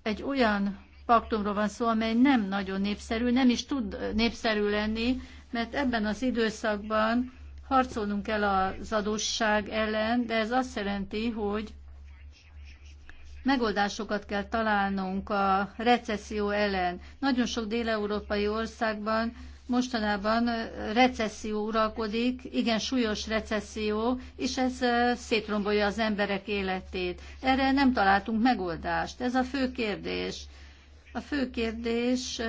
egy olyan paktumról van szó, amely nem nagyon népszerű, nem is tud népszerű lenni, mert ebben az időszakban harcolnunk kell az adósság ellen, de ez azt jelenti, hogy megoldásokat kell találnunk a recesszió ellen. Nagyon sok déleurópai országban mostanában recesszió uralkodik, igen súlyos recesszió, és ez szétrombolja az emberek életét. Erre nem találtunk megoldást. Ez a fő kérdés. A fő kérdés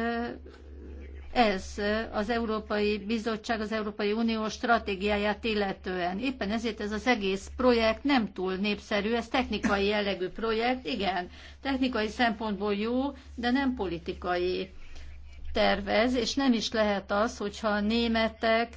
ez az Európai Bizottság, az Európai Unió stratégiáját illetően. Éppen ezért ez az egész projekt nem túl népszerű, ez technikai jellegű projekt, igen, technikai szempontból jó, de nem politikai tervez, és nem is lehet az, hogyha a németek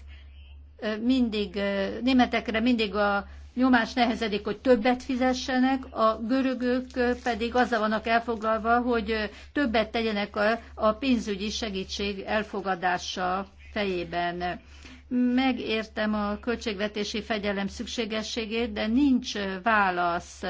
mindig, németekre mindig a nyomás nehezedik, hogy többet fizessenek, a görögök pedig azzal vannak elfoglalva, hogy többet tegyenek a pénzügyi segítség elfogadása fejében. Megértem a költségvetési fegyelem szükségességét, de nincs válasz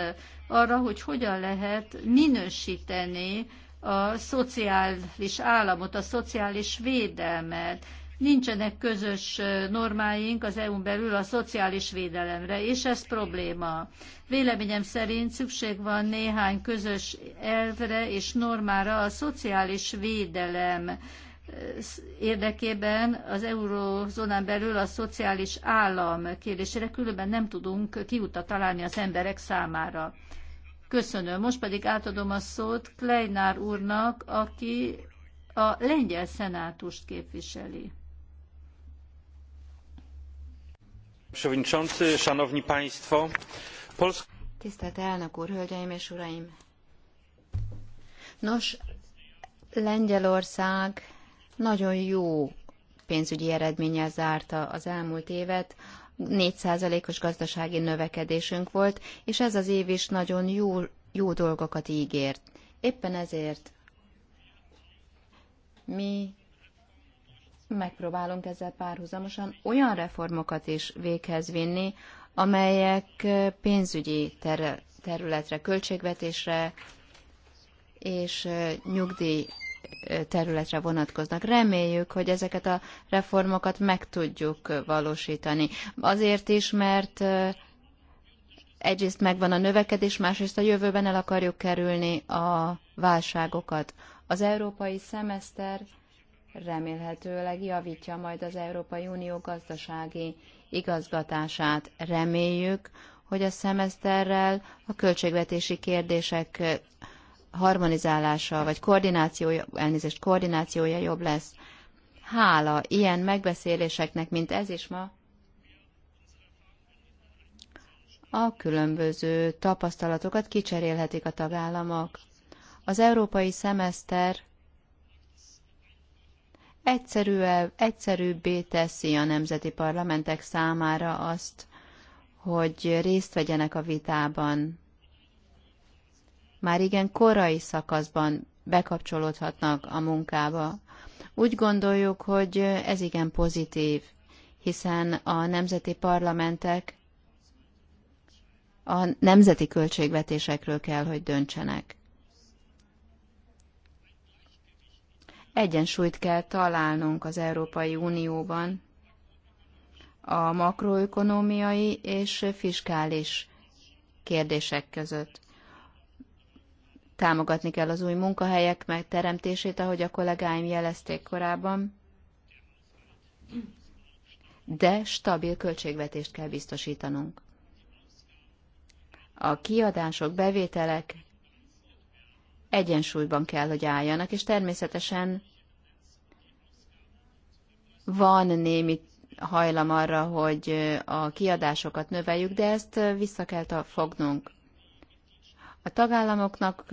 arra, hogy hogyan lehet minősíteni a szociális államot, a szociális védelmet nincsenek közös normáink az EU-n belül a szociális védelemre, és ez probléma. Véleményem szerint szükség van néhány közös elvre és normára a szociális védelem érdekében az eurózónán belül a szociális állam kérdésére, különben nem tudunk kiutat találni az emberek számára. Köszönöm. Most pedig átadom a szót Kleinár úrnak, aki a lengyel szenátust képviseli. Tisztelt elnök úr, hölgyeim és uraim! Nos, Lengyelország nagyon jó pénzügyi eredménnyel zárta az elmúlt évet. four os gazdasági növekedésünk volt, és ez az év is nagyon jó, jó dolgokat ígért. Éppen ezért mi megpróbálunk ezzel párhuzamosan olyan reformokat is véghez vinni, amelyek pénzügyi ter- területre, költségvetésre és nyugdíj területre vonatkoznak. Reméljük, hogy ezeket a reformokat meg tudjuk valósítani. Azért is, mert egyrészt megvan a növekedés, másrészt a jövőben el akarjuk kerülni a válságokat. Az európai szemeszter remélhetőleg javítja majd az Európai Unió gazdasági igazgatását. Reméljük, hogy a szemeszterrel a költségvetési kérdések harmonizálása, vagy koordinációja, elnézést, koordinációja jobb lesz. Hála ilyen megbeszéléseknek, mint ez is ma, a különböző tapasztalatokat kicserélhetik a tagállamok. Az európai szemeszter egyszerűbbé teszi a nemzeti parlamentek számára azt, hogy részt vegyenek a vitában. Már igen korai szakaszban bekapcsolódhatnak a munkába. Úgy gondoljuk, hogy ez igen pozitív, hiszen a nemzeti parlamentek a nemzeti költségvetésekről kell, hogy döntsenek. Egyensúlyt kell találnunk az Európai Unióban a makroökonomiai és fiskális kérdések között. Támogatni kell az új munkahelyek megteremtését, ahogy a kollégáim jelezték korábban, de stabil költségvetést kell biztosítanunk. A kiadások, bevételek egyensúlyban kell, hogy álljanak, és természetesen van némi hajlam arra, hogy a kiadásokat növeljük, de ezt vissza kell fognunk. A tagállamoknak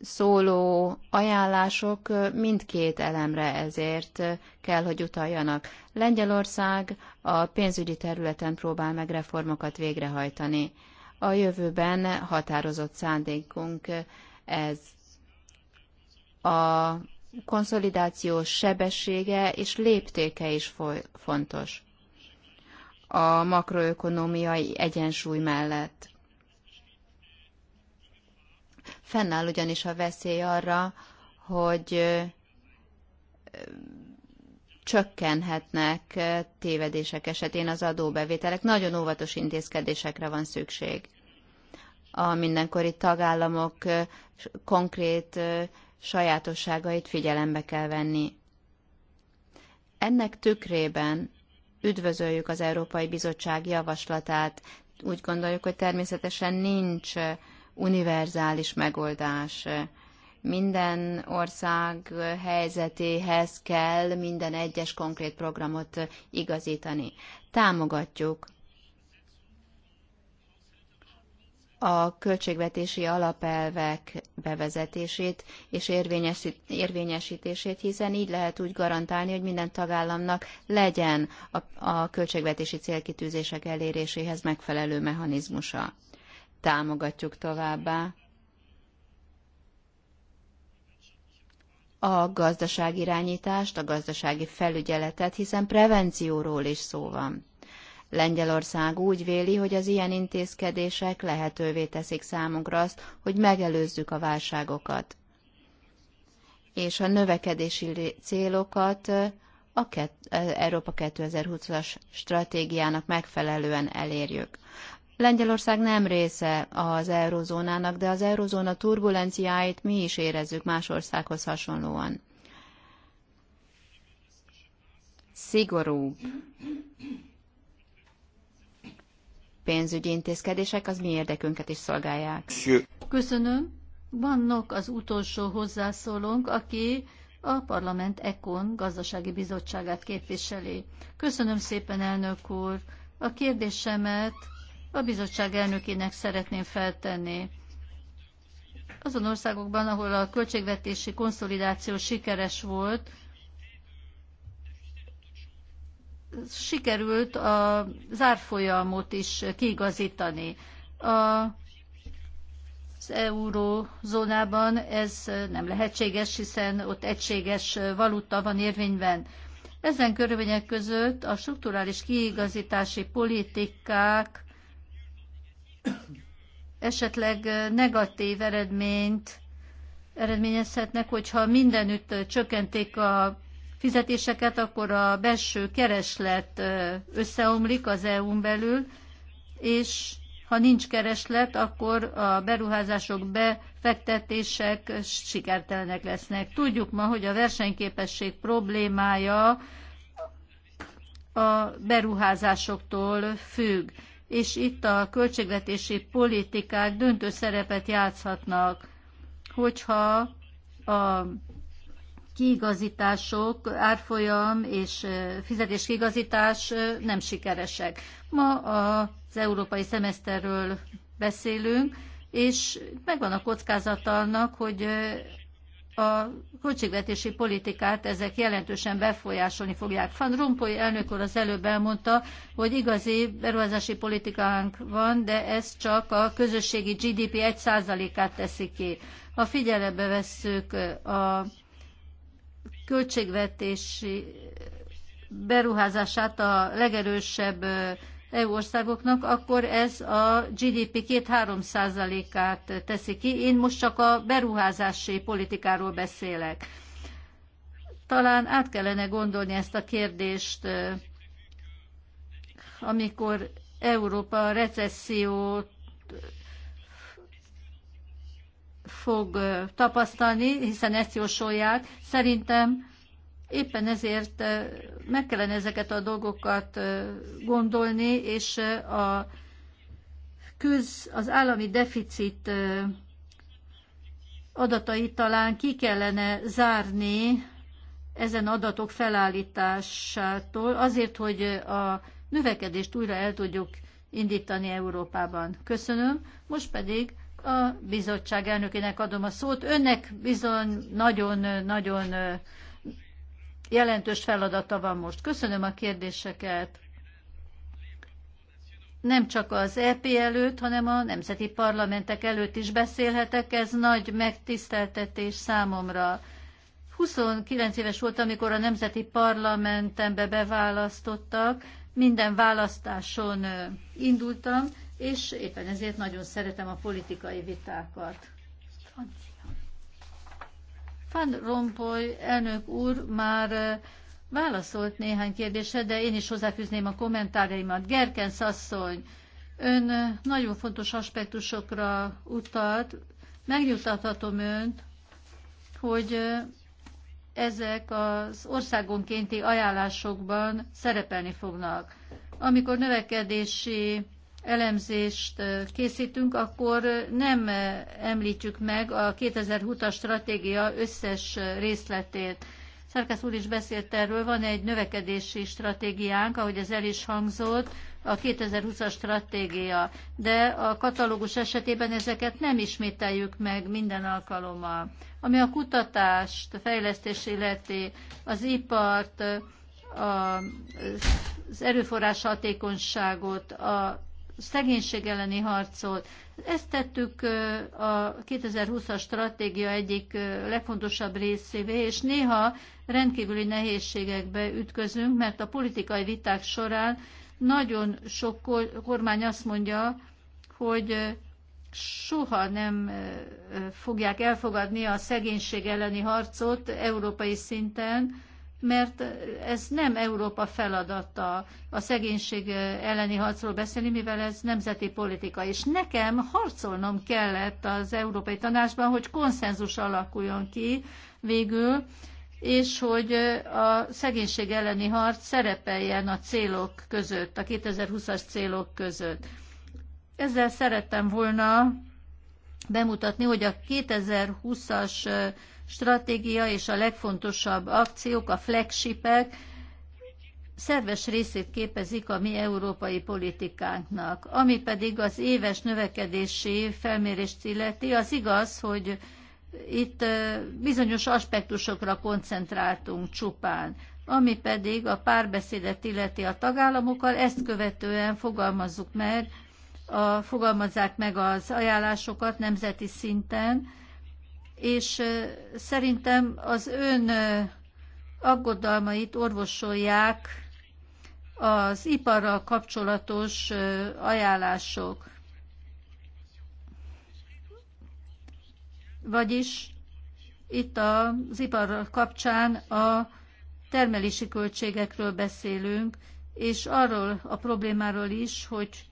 szóló ajánlások mindkét elemre ezért kell, hogy utaljanak. Lengyelország a pénzügyi területen próbál meg reformokat végrehajtani. A jövőben határozott szándékunk ez a konszolidáció sebessége és léptéke is fontos a makroökonomiai egyensúly mellett. Fennáll ugyanis a veszély arra, hogy csökkenhetnek tévedések esetén az adóbevételek. Nagyon óvatos intézkedésekre van szükség a mindenkori tagállamok konkrét sajátosságait figyelembe kell venni. Ennek tükrében üdvözöljük az Európai Bizottság javaslatát. Úgy gondoljuk, hogy természetesen nincs univerzális megoldás. Minden ország helyzetéhez kell minden egyes konkrét programot igazítani. Támogatjuk a költségvetési alapelvek bevezetését és érvényesítését, hiszen így lehet úgy garantálni, hogy minden tagállamnak legyen a, a költségvetési célkitűzések eléréséhez megfelelő mechanizmusa. Támogatjuk továbbá a gazdaságirányítást, a gazdasági felügyeletet, hiszen prevencióról is szó van Lengyelország úgy véli, hogy az ilyen intézkedések lehetővé teszik számunkra azt, hogy megelőzzük a válságokat, és a növekedési célokat a Európa 2020-as stratégiának megfelelően elérjük. Lengyelország nem része az eurozónának, de az eurozóna turbulenciáit mi is érezzük más országhoz hasonlóan. Szigorúbb pénzügyi intézkedések az mi érdekünket is szolgálják. Köszönöm. Vannak az utolsó hozzászólónk, aki a Parlament Ekon gazdasági bizottságát képviseli. Köszönöm szépen, elnök úr. A kérdésemet a bizottság elnökének szeretném feltenni. Azon országokban, ahol a költségvetési konszolidáció sikeres volt, sikerült a zárfolyamot is kiigazítani. A az eurózónában ez nem lehetséges, hiszen ott egységes valuta van érvényben. Ezen körülmények között a strukturális kiigazítási politikák esetleg negatív eredményt eredményezhetnek, hogyha mindenütt csökkentik a fizetéseket, akkor a belső kereslet összeomlik az EU-n belül, és ha nincs kereslet, akkor a beruházások, befektetések sikertelenek lesznek. Tudjuk ma, hogy a versenyképesség problémája a beruházásoktól függ, és itt a költségvetési politikák döntő szerepet játszhatnak, hogyha a kiigazítások, árfolyam és fizetés kiigazítás nem sikeresek. Ma az európai szemeszterről beszélünk, és megvan a kockázata annak, hogy a költségvetési politikát ezek jelentősen befolyásolni fogják. Van Rompuy elnök úr az előbb elmondta, hogy igazi beruházási politikánk van, de ez csak a közösségi GDP 1%-át teszi ki. Ha figyelembe vesszük a költségvetési beruházását a legerősebb EU országoknak, akkor ez a GDP 2-3 százalékát teszi ki. Én most csak a beruházási politikáról beszélek. Talán át kellene gondolni ezt a kérdést, amikor Európa recessziót fog tapasztalni, hiszen ezt jósolják. Szerintem éppen ezért meg kellene ezeket a dolgokat gondolni, és a köz, az állami deficit adatait talán ki kellene zárni ezen adatok felállításától, azért, hogy a növekedést újra el tudjuk indítani Európában. Köszönöm. Most pedig a bizottság elnökének adom a szót. Önnek bizony nagyon-nagyon jelentős feladata van most. Köszönöm a kérdéseket. Nem csak az EP előtt, hanem a nemzeti parlamentek előtt is beszélhetek. Ez nagy megtiszteltetés számomra. 29 éves volt, amikor a nemzeti parlamentembe beválasztottak. Minden választáson indultam, és éppen ezért nagyon szeretem a politikai vitákat. Van Rompoy elnök úr már válaszolt néhány kérdésre, de én is hozzáfűzném a kommentáraimat. Gerkens asszony, ön nagyon fontos aspektusokra utalt. Megnyugtathatom önt, hogy ezek az országonkénti ajánlásokban szerepelni fognak. Amikor növekedési elemzést készítünk, akkor nem említjük meg a 2020-as stratégia összes részletét. Szerkesz úr is beszélt erről, van egy növekedési stratégiánk, ahogy ez el is hangzott, a 2020-as stratégia, de a katalógus esetében ezeket nem ismételjük meg minden alkalommal. Ami a kutatást, fejlesztés illeti, az ipart, az erőforrás hatékonyságot, a szegénység elleni harcot. Ezt tettük a 2020-as stratégia egyik legfontosabb részévé, és néha rendkívüli nehézségekbe ütközünk, mert a politikai viták során nagyon sok kormány azt mondja, hogy soha nem fogják elfogadni a szegénység elleni harcot európai szinten, mert ez nem Európa feladata a szegénység elleni harcról beszélni, mivel ez nemzeti politika. És nekem harcolnom kellett az Európai Tanácsban, hogy konszenzus alakuljon ki végül, és hogy a szegénység elleni harc szerepeljen a célok között, a 2020-as célok között. Ezzel szerettem volna bemutatni, hogy a 2020-as stratégia és a legfontosabb akciók, a flagshipek szerves részét képezik a mi európai politikánknak. Ami pedig az éves növekedési felmérést illeti, az igaz, hogy itt bizonyos aspektusokra koncentráltunk csupán ami pedig a párbeszédet illeti a tagállamokkal, ezt követően fogalmazzuk meg, a, fogalmazzák meg az ajánlásokat nemzeti szinten, és szerintem az ön aggodalmait orvosolják az iparral kapcsolatos ajánlások. Vagyis itt az ipar kapcsán a termelési költségekről beszélünk, és arról a problémáról is, hogy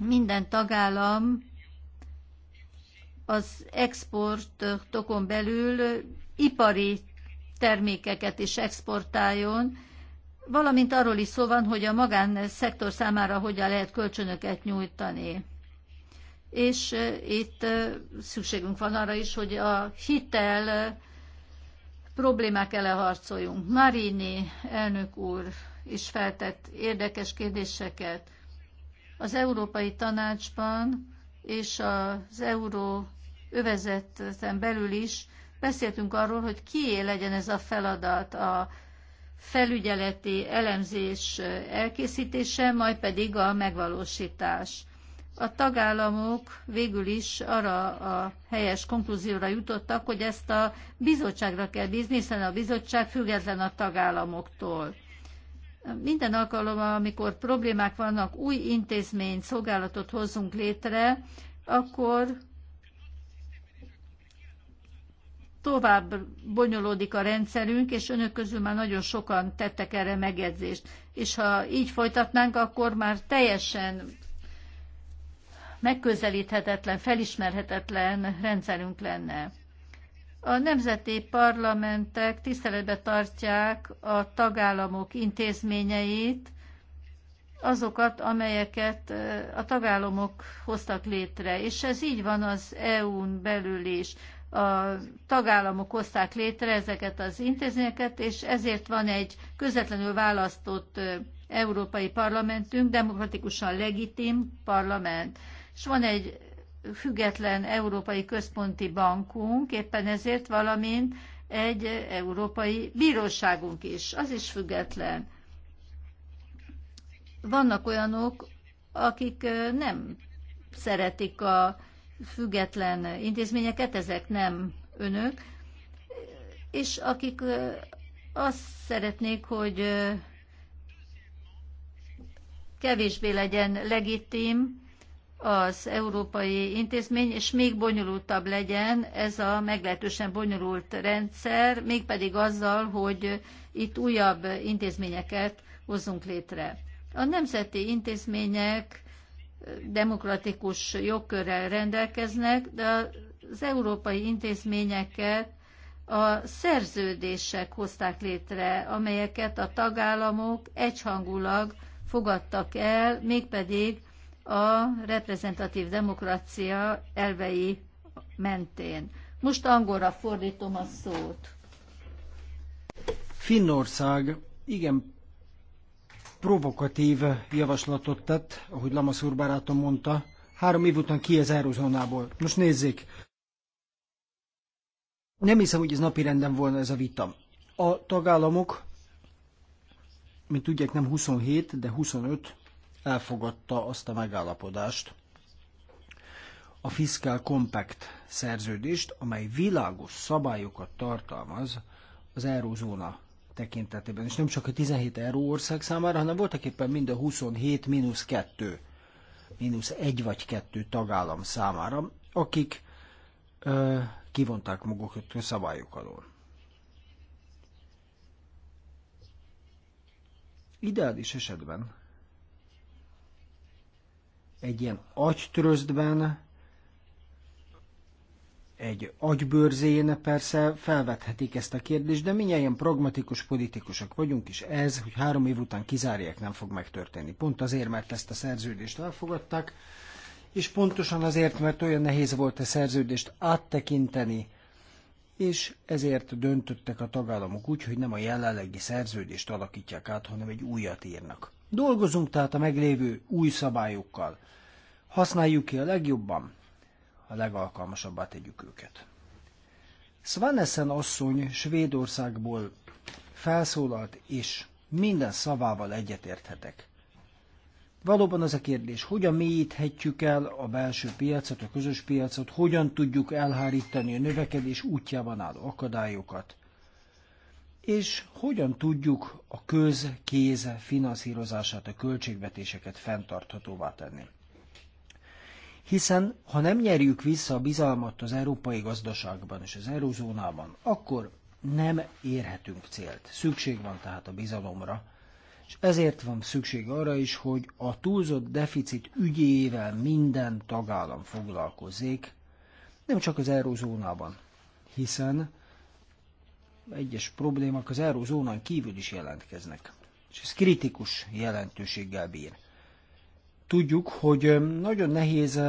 minden tagállam az exportokon belül ipari termékeket is exportáljon, valamint arról is szó van, hogy a magánszektor számára hogyan lehet kölcsönöket nyújtani. És itt szükségünk van arra is, hogy a hitel problémák eleharcoljunk. Marini elnök úr is feltett érdekes kérdéseket. Az Európai Tanácsban és az Euró övezeten belül is beszéltünk arról, hogy kié legyen ez a feladat a felügyeleti elemzés elkészítése, majd pedig a megvalósítás. A tagállamok végül is arra a helyes konklúzióra jutottak, hogy ezt a bizottságra kell bízni, hiszen a bizottság független a tagállamoktól. Minden alkalommal, amikor problémák vannak, új intézményt, szolgálatot hozzunk létre, akkor tovább bonyolódik a rendszerünk, és önök közül már nagyon sokan tettek erre megjegyzést. És ha így folytatnánk, akkor már teljesen megközelíthetetlen, felismerhetetlen rendszerünk lenne. A nemzeti parlamentek tiszteletbe tartják a tagállamok intézményeit, azokat, amelyeket eh, a tagállamok hoztak létre. És ez így van az EU-n belül is a tagállamok hozták létre ezeket az intézményeket, és ezért van egy közvetlenül választott európai parlamentünk, demokratikusan legitim parlament. És van egy független európai központi bankunk, éppen ezért, valamint egy európai bíróságunk is, az is független. Vannak olyanok, akik nem szeretik a független intézményeket, ezek nem önök, és akik azt szeretnék, hogy kevésbé legyen legitim az európai intézmény, és még bonyolultabb legyen ez a meglehetősen bonyolult rendszer, mégpedig azzal, hogy itt újabb intézményeket hozzunk létre. A nemzeti intézmények demokratikus jogkörrel rendelkeznek, de az európai intézményeket a szerződések hozták létre, amelyeket a tagállamok egyhangulag fogadtak el, mégpedig a reprezentatív demokrácia elvei mentén. Most angolra fordítom a szót. Finnország igen provokatív javaslatot tett, ahogy úr barátom mondta, három év után ki az Eurozónából. Most nézzék, nem hiszem, hogy ez napi renden volna ez a vita. A tagállamok, mint tudják, nem 27, de 25 elfogadta azt a megállapodást, a Fiscal Compact szerződést, amely világos szabályokat tartalmaz az eurózóna tekintetében, és nem csak a 17 euró ország számára, hanem voltak éppen mind a 27 mínusz 2, mínusz 1 vagy 2 tagállam számára, akik ö, kivonták magukat a szabályok alól. Ideális esetben egy ilyen agytrözdben egy agybőrzén persze felvethetik ezt a kérdést, de ilyen pragmatikus politikusok vagyunk, és ez, hogy három év után kizárják, nem fog megtörténni. Pont azért, mert ezt a szerződést elfogadták, és pontosan azért, mert olyan nehéz volt a szerződést áttekinteni, és ezért döntöttek a tagállamok úgy, hogy nem a jelenlegi szerződést alakítják át, hanem egy újat írnak. Dolgozunk tehát a meglévő új szabályokkal. Használjuk ki a legjobban, a legalkalmasabbá tegyük őket. Svanessen asszony Svédországból felszólalt, és minden szavával egyetérthetek. Valóban az a kérdés, hogyan mélyíthetjük el a belső piacot, a közös piacot, hogyan tudjuk elhárítani a növekedés útjában álló akadályokat, és hogyan tudjuk a köz-kéz finanszírozását, a költségvetéseket fenntarthatóvá tenni hiszen ha nem nyerjük vissza a bizalmat az európai gazdaságban és az eurozónában, akkor nem érhetünk célt. Szükség van tehát a bizalomra, és ezért van szükség arra is, hogy a túlzott deficit ügyével minden tagállam foglalkozzék, nem csak az eurozónában, hiszen egyes problémák az eurozónán kívül is jelentkeznek, és ez kritikus jelentőséggel bír. Tudjuk, hogy nagyon nehéz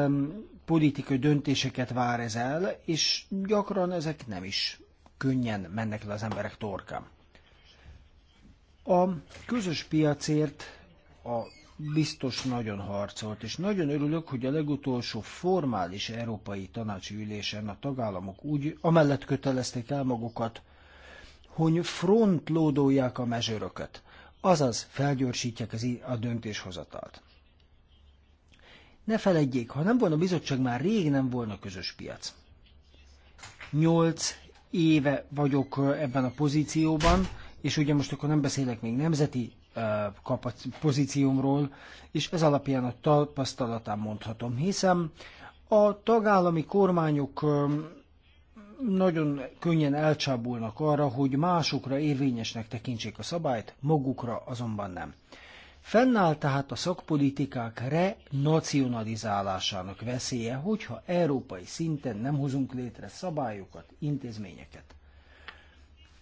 politikai döntéseket vár ez el, és gyakran ezek nem is könnyen mennek le az emberek torkán. A közös piacért a biztos nagyon harcolt, és nagyon örülök, hogy a legutolsó formális európai tanácsi ülésen a tagállamok úgy amellett kötelezték el magukat, hogy frontlódolják a mezőröket, azaz felgyorsítják az a döntéshozatalt. Ne feledjék, ha nem volna a bizottság, már rég nem volna közös piac. Nyolc éve vagyok ebben a pozícióban, és ugye most akkor nem beszélek még nemzeti pozíciómról, és ez alapján a tapasztalatán mondhatom, hiszem, a tagállami kormányok nagyon könnyen elcsábulnak arra, hogy másokra érvényesnek tekintsék a szabályt, magukra azonban nem. Fennáll tehát a szakpolitikák renacionalizálásának veszélye, hogyha európai szinten nem hozunk létre szabályokat, intézményeket.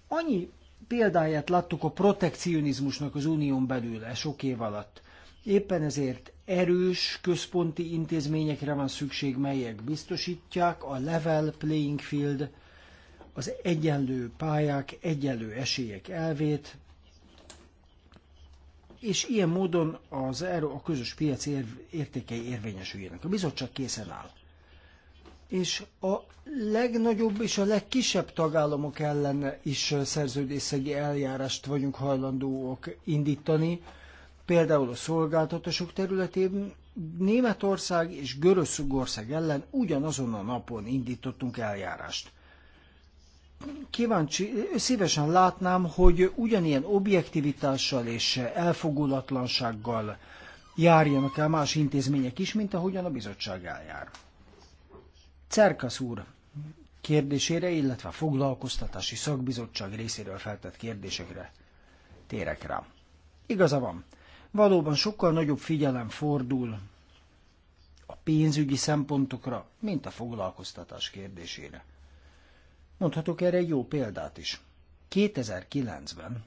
Annyi példáját láttuk a protekcionizmusnak az unión belül e sok év alatt. Éppen ezért erős központi intézményekre van szükség, melyek biztosítják a level playing field, az egyenlő pályák, egyenlő esélyek elvét, és ilyen módon az erő a közös piac ér, értékei érvényesüljenek. A bizottság készen áll. És a legnagyobb és a legkisebb tagállamok ellen is szerződésszegi eljárást vagyunk hajlandóak indítani, például a szolgáltatások területén Németország és Görögország ellen ugyanazon a napon indítottunk eljárást kíváncsi, szívesen látnám, hogy ugyanilyen objektivitással és elfogulatlansággal járjanak el más intézmények is, mint ahogyan a bizottság eljár. Cerkasz úr kérdésére, illetve a foglalkoztatási szakbizottság részéről feltett kérdésekre térek rá. Igaza van, valóban sokkal nagyobb figyelem fordul a pénzügyi szempontokra, mint a foglalkoztatás kérdésére. Mondhatok erre egy jó példát is. 2009-ben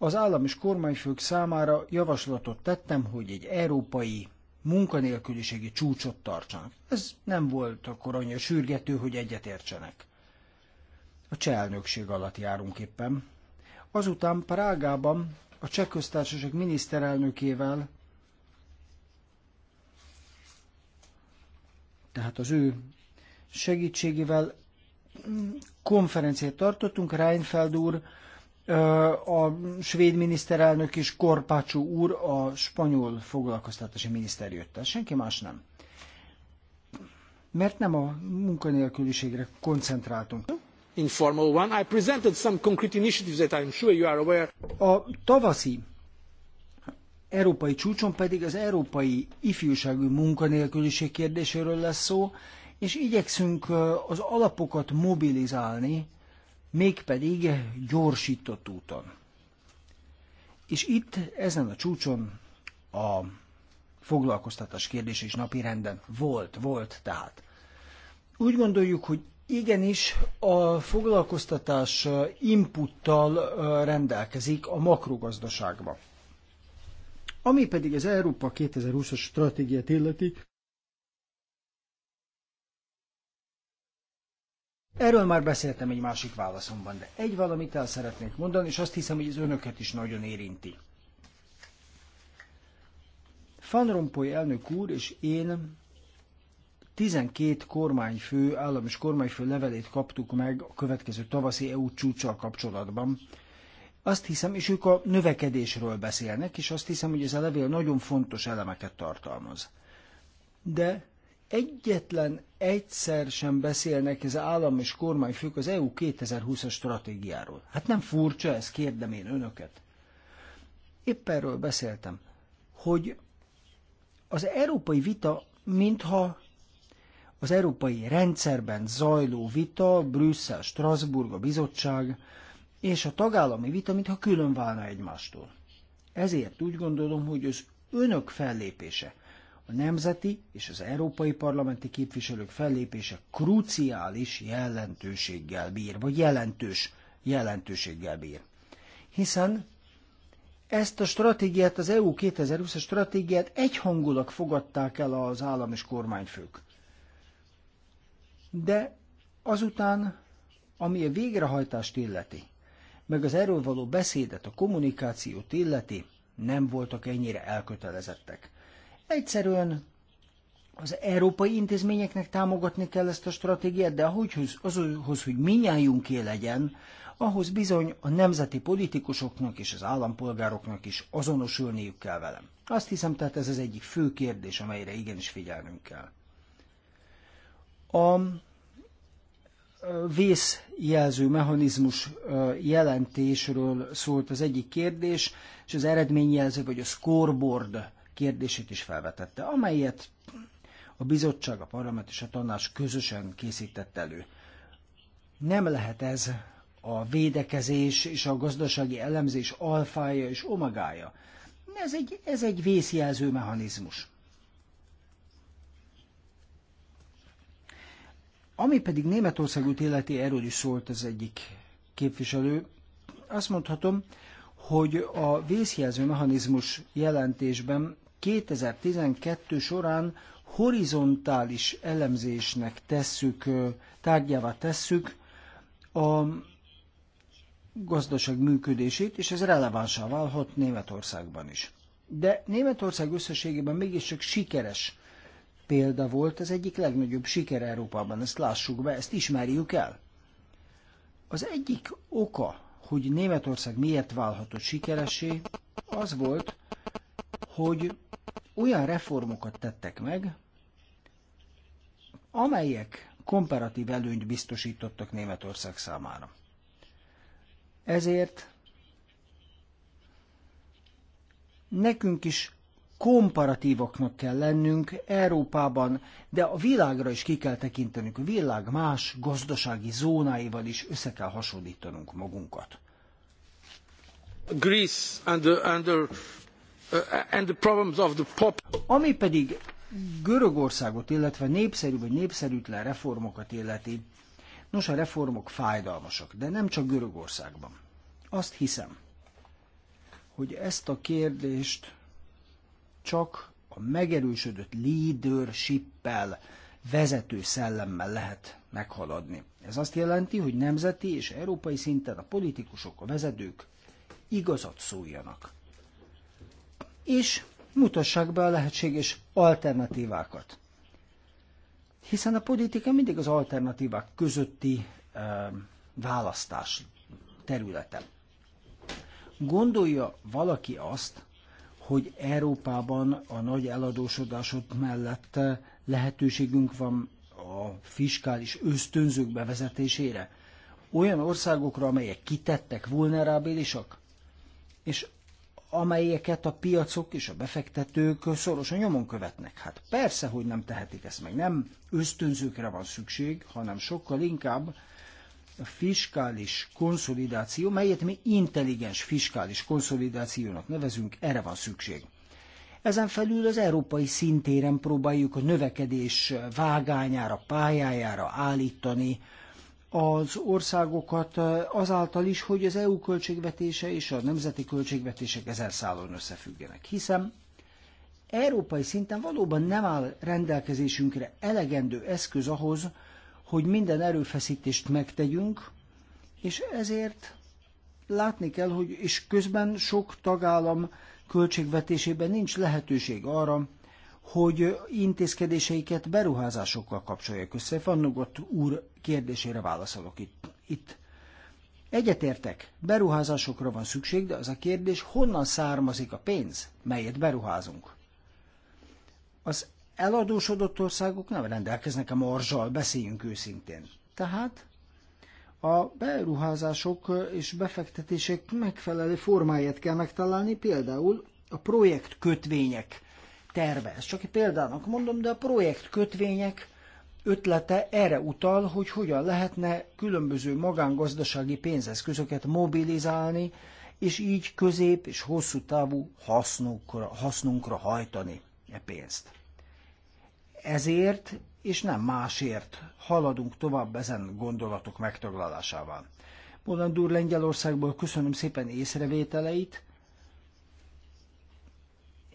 az állam és kormányfők számára javaslatot tettem, hogy egy európai munkanélküliségi csúcsot tartsanak. Ez nem volt akkor annyira sürgető, hogy egyetértsenek. A cseh elnökség alatt járunk éppen. Azután Prágában a cseh köztársaság miniszterelnökével, tehát az ő segítségével konferenciát tartottunk, Reinfeld úr, a svéd miniszterelnök és Korpácsú úr, a spanyol foglalkoztatási miniszter jött el, senki más nem. Mert nem a munkanélküliségre koncentráltunk. Informal one. I presented some concrete initiatives that I'm sure you are aware. A tavaszi európai csúcson pedig az európai ifjúságú munkanélküliség kérdéséről lesz szó, és igyekszünk az alapokat mobilizálni, mégpedig gyorsított úton. És itt, ezen a csúcson a foglalkoztatás kérdése is napi renden volt, volt tehát. Úgy gondoljuk, hogy igenis a foglalkoztatás inputtal rendelkezik a makrogazdaságba. Ami pedig az Európa 2020-as stratégiát illeti, Erről már beszéltem egy másik válaszomban, de egy valamit el szeretnék mondani, és azt hiszem, hogy ez önöket is nagyon érinti. Van Rompuy elnök úr és én 12 kormányfő, állam és kormányfő levelét kaptuk meg a következő tavaszi EU csúcsal kapcsolatban. Azt hiszem, és ők a növekedésről beszélnek, és azt hiszem, hogy ez a levél nagyon fontos elemeket tartalmaz. De egyetlen egyszer sem beszélnek az állam és kormányfők az EU 2020-as stratégiáról. Hát nem furcsa ez, kérdem én önöket. Épp erről beszéltem, hogy az európai vita, mintha az európai rendszerben zajló vita, Brüsszel, Strasbourg, a bizottság és a tagállami vita, mintha külön válna egymástól. Ezért úgy gondolom, hogy az önök fellépése, a nemzeti és az európai parlamenti képviselők fellépése kruciális jelentőséggel bír, vagy jelentős jelentőséggel bír. Hiszen ezt a stratégiát, az EU 2020-as stratégiát egyhangulag fogadták el az állam és kormányfők. De azután, ami a végrehajtást illeti, meg az erről való beszédet, a kommunikációt illeti, nem voltak ennyire elkötelezettek. Egyszerűen az európai intézményeknek támogatni kell ezt a stratégiát, de ahogyhoz, azhoz, hogy minnyájunké legyen, ahhoz bizony a nemzeti politikusoknak és az állampolgároknak is azonosulniuk kell velem. Azt hiszem, tehát ez az egyik fő kérdés, amelyre igenis figyelnünk kell. A vészjelző mechanizmus jelentésről szólt az egyik kérdés, és az eredményjelző vagy a scoreboard kérdését is felvetette, amelyet a bizottság, a parlament és a tanács közösen készített elő. Nem lehet ez a védekezés és a gazdasági elemzés alfája és omagája. Ez egy, ez egy vészjelző mechanizmus. Ami pedig Németországot életi erről is szólt az egyik képviselő, azt mondhatom, hogy a vészjelző mechanizmus jelentésben 2012 során horizontális elemzésnek tesszük, tárgyává tesszük a gazdaság működését, és ez relevánsá válhat Németországban is. De Németország összességében mégiscsak sikeres példa volt, az egyik legnagyobb siker Európában, ezt lássuk be, ezt ismerjük el. Az egyik oka, hogy Németország miért válhatott sikeresé, az volt, hogy olyan reformokat tettek meg, amelyek komparatív előnyt biztosítottak Németország számára. Ezért nekünk is komparatívaknak kell lennünk Európában, de a világra is ki kell tekintenünk, a világ más gazdasági zónáival is össze kell hasonlítanunk magunkat. Greece under, under Uh, Ami pedig Görögországot, illetve népszerű vagy népszerűtlen reformokat illeti, nos a reformok fájdalmasak, de nem csak Görögországban. Azt hiszem, hogy ezt a kérdést csak a megerősödött leadership-el, vezető szellemmel lehet meghaladni. Ez azt jelenti, hogy nemzeti és európai szinten a politikusok, a vezetők igazat szóljanak és mutassák be a lehetséges alternatívákat. Hiszen a politika mindig az alternatívák közötti e, választás területe. Gondolja valaki azt, hogy Európában a nagy eladósodásod mellett lehetőségünk van a fiskális ösztönzők bevezetésére? Olyan országokra, amelyek kitettek, vulnerábilisak? És amelyeket a piacok és a befektetők szorosan nyomon követnek. Hát persze, hogy nem tehetik ezt meg, nem ösztönzőkre van szükség, hanem sokkal inkább a fiskális konszolidáció, melyet mi intelligens fiskális konszolidációnak nevezünk, erre van szükség. Ezen felül az európai szintéren próbáljuk a növekedés vágányára, pályájára állítani az országokat azáltal is, hogy az EU költségvetése és a nemzeti költségvetések ezer szálon összefüggenek. Hiszen európai szinten valóban nem áll rendelkezésünkre elegendő eszköz ahhoz, hogy minden erőfeszítést megtegyünk, és ezért látni kell, hogy és közben sok tagállam költségvetésében nincs lehetőség arra, hogy intézkedéseiket beruházásokkal kapcsolják össze. Fannogott úr kérdésére válaszolok itt. itt. Egyetértek, beruházásokra van szükség, de az a kérdés, honnan származik a pénz, melyet beruházunk. Az eladósodott országok nem rendelkeznek a marzsal, beszéljünk őszintén. Tehát a beruházások és befektetések megfelelő formáját kell megtalálni, például a projektkötvények terve. Ezt csak egy példának mondom, de a projekt kötvények ötlete erre utal, hogy hogyan lehetne különböző magángazdasági pénzeszközöket mobilizálni, és így közép és hosszú távú hasznunkra, hasznunkra hajtani e pénzt. Ezért és nem másért haladunk tovább ezen gondolatok megtaglalásával. Moland úr Lengyelországból köszönöm szépen észrevételeit,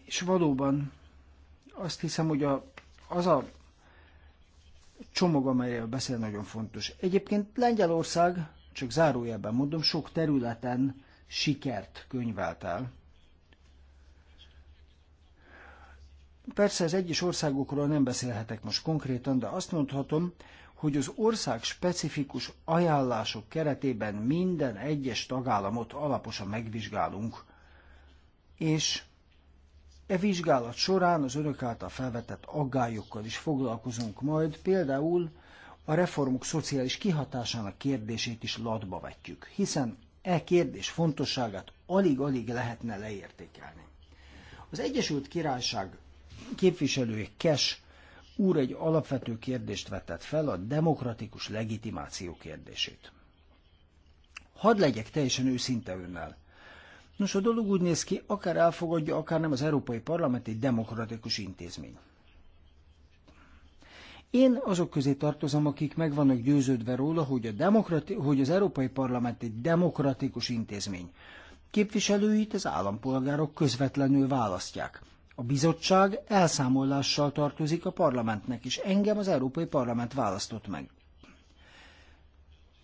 és valóban azt hiszem, hogy a, az a csomag, amelyről beszél, nagyon fontos. Egyébként Lengyelország, csak zárójelben mondom, sok területen sikert könyvelt el. Persze az egyes országokról nem beszélhetek most konkrétan, de azt mondhatom, hogy az ország specifikus ajánlások keretében minden egyes tagállamot alaposan megvizsgálunk, és E vizsgálat során az önök által felvetett aggályokkal is foglalkozunk majd, például a reformok szociális kihatásának kérdését is latba vetjük, hiszen e kérdés fontosságát alig-alig lehetne leértékelni. Az Egyesült Királyság képviselője Kes úr egy alapvető kérdést vetett fel, a demokratikus legitimáció kérdését. Hadd legyek teljesen őszinte önnel. Nos, a dolog úgy néz ki, akár elfogadja, akár nem az Európai Parlament egy demokratikus intézmény. Én azok közé tartozom, akik meg vannak győződve róla, hogy, a demokrati- hogy az Európai Parlament egy demokratikus intézmény. Képviselőit az állampolgárok közvetlenül választják. A bizottság elszámolással tartozik a parlamentnek, és engem az Európai Parlament választott meg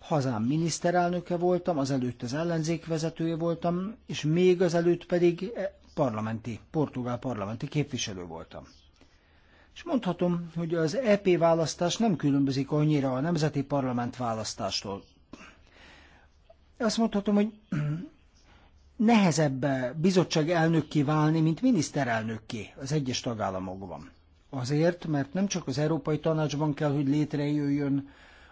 hazám miniszterelnöke voltam, azelőtt az ellenzék vezetője voltam, és még azelőtt pedig eh, parlamenti, portugál parlamenti képviselő voltam. És mondhatom, hogy az EP választás nem különbözik annyira a nemzeti parlament választástól. Azt mondhatom, hogy nehezebb bizottság elnökké válni, mint miniszterelnökké az egyes tagállamokban. Azért, mert nem csak az Európai Tanácsban kell, hogy létrejöjjön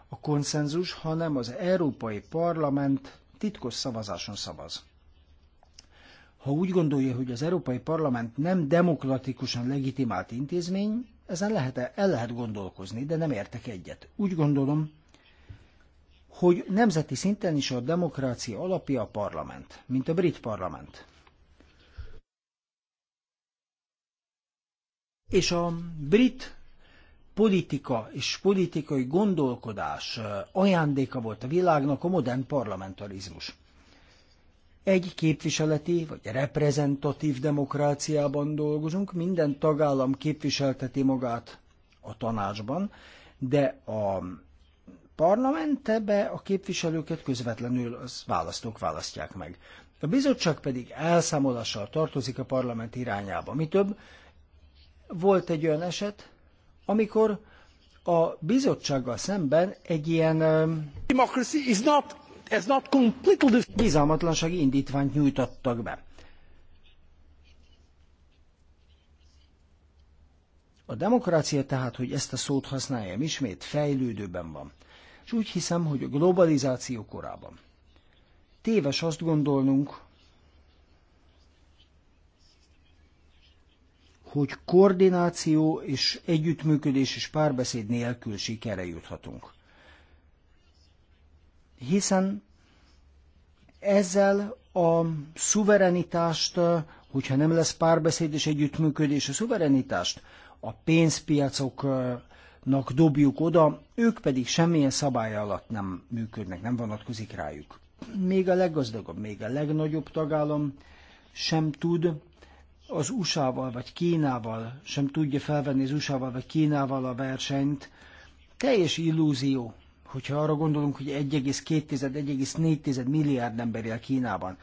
a konszenzus, hanem az Európai Parlament titkos szavazáson szavaz. Ha úgy gondolja, hogy az Európai Parlament nem demokratikusan legitimált intézmény, ezen lehet -e, el lehet gondolkozni, de nem értek egyet. Úgy gondolom, hogy nemzeti szinten is a demokrácia alapja a parlament, mint a brit parlament. És a brit politika és politikai gondolkodás eh, ajándéka volt a világnak a modern parlamentarizmus. Egy képviseleti vagy reprezentatív demokráciában dolgozunk, minden tagállam képviselteti magát a tanácsban, de a parlamentbe a képviselőket közvetlenül az választók választják meg. A bizottság pedig elszámolással tartozik a parlament irányába. Mi több, volt egy olyan eset, amikor a bizottsággal szemben egy ilyen bizalmatlansági indítványt nyújtottak be. A demokrácia tehát, hogy ezt a szót használjam ismét, fejlődőben van. És úgy hiszem, hogy a globalizáció korában. Téves azt gondolnunk, hogy koordináció és együttműködés és párbeszéd nélkül sikere juthatunk. Hiszen ezzel a szuverenitást, hogyha nem lesz párbeszéd és együttműködés, a szuverenitást a pénzpiacoknak dobjuk oda, ők pedig semmilyen szabály alatt nem működnek, nem vonatkozik rájuk. Még a leggazdagabb, még a legnagyobb tagállam sem tud az USA-val vagy Kínával sem tudja felvenni az USA-val vagy Kínával a versenyt, teljes illúzió, hogyha arra gondolunk, hogy 1,2-1,4 milliárd ember él Kínában.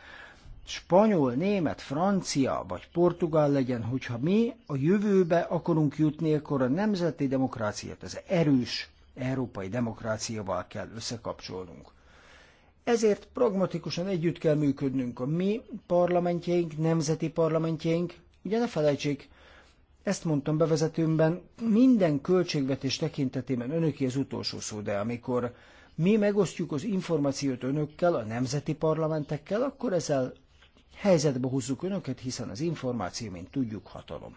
Spanyol, német, francia vagy portugál legyen, hogyha mi a jövőbe akarunk jutni, akkor a nemzeti demokráciát, az erős európai demokráciával kell összekapcsolnunk. Ezért pragmatikusan együtt kell működnünk. A mi parlamentjeink, nemzeti parlamentjeink, ugye ne felejtsék, ezt mondtam bevezetőmben, minden költségvetés tekintetében önöki az utolsó szó, de amikor mi megosztjuk az információt önökkel, a nemzeti parlamentekkel, akkor ezzel helyzetbe hozzuk önöket, hiszen az információ, mint tudjuk, hatalom.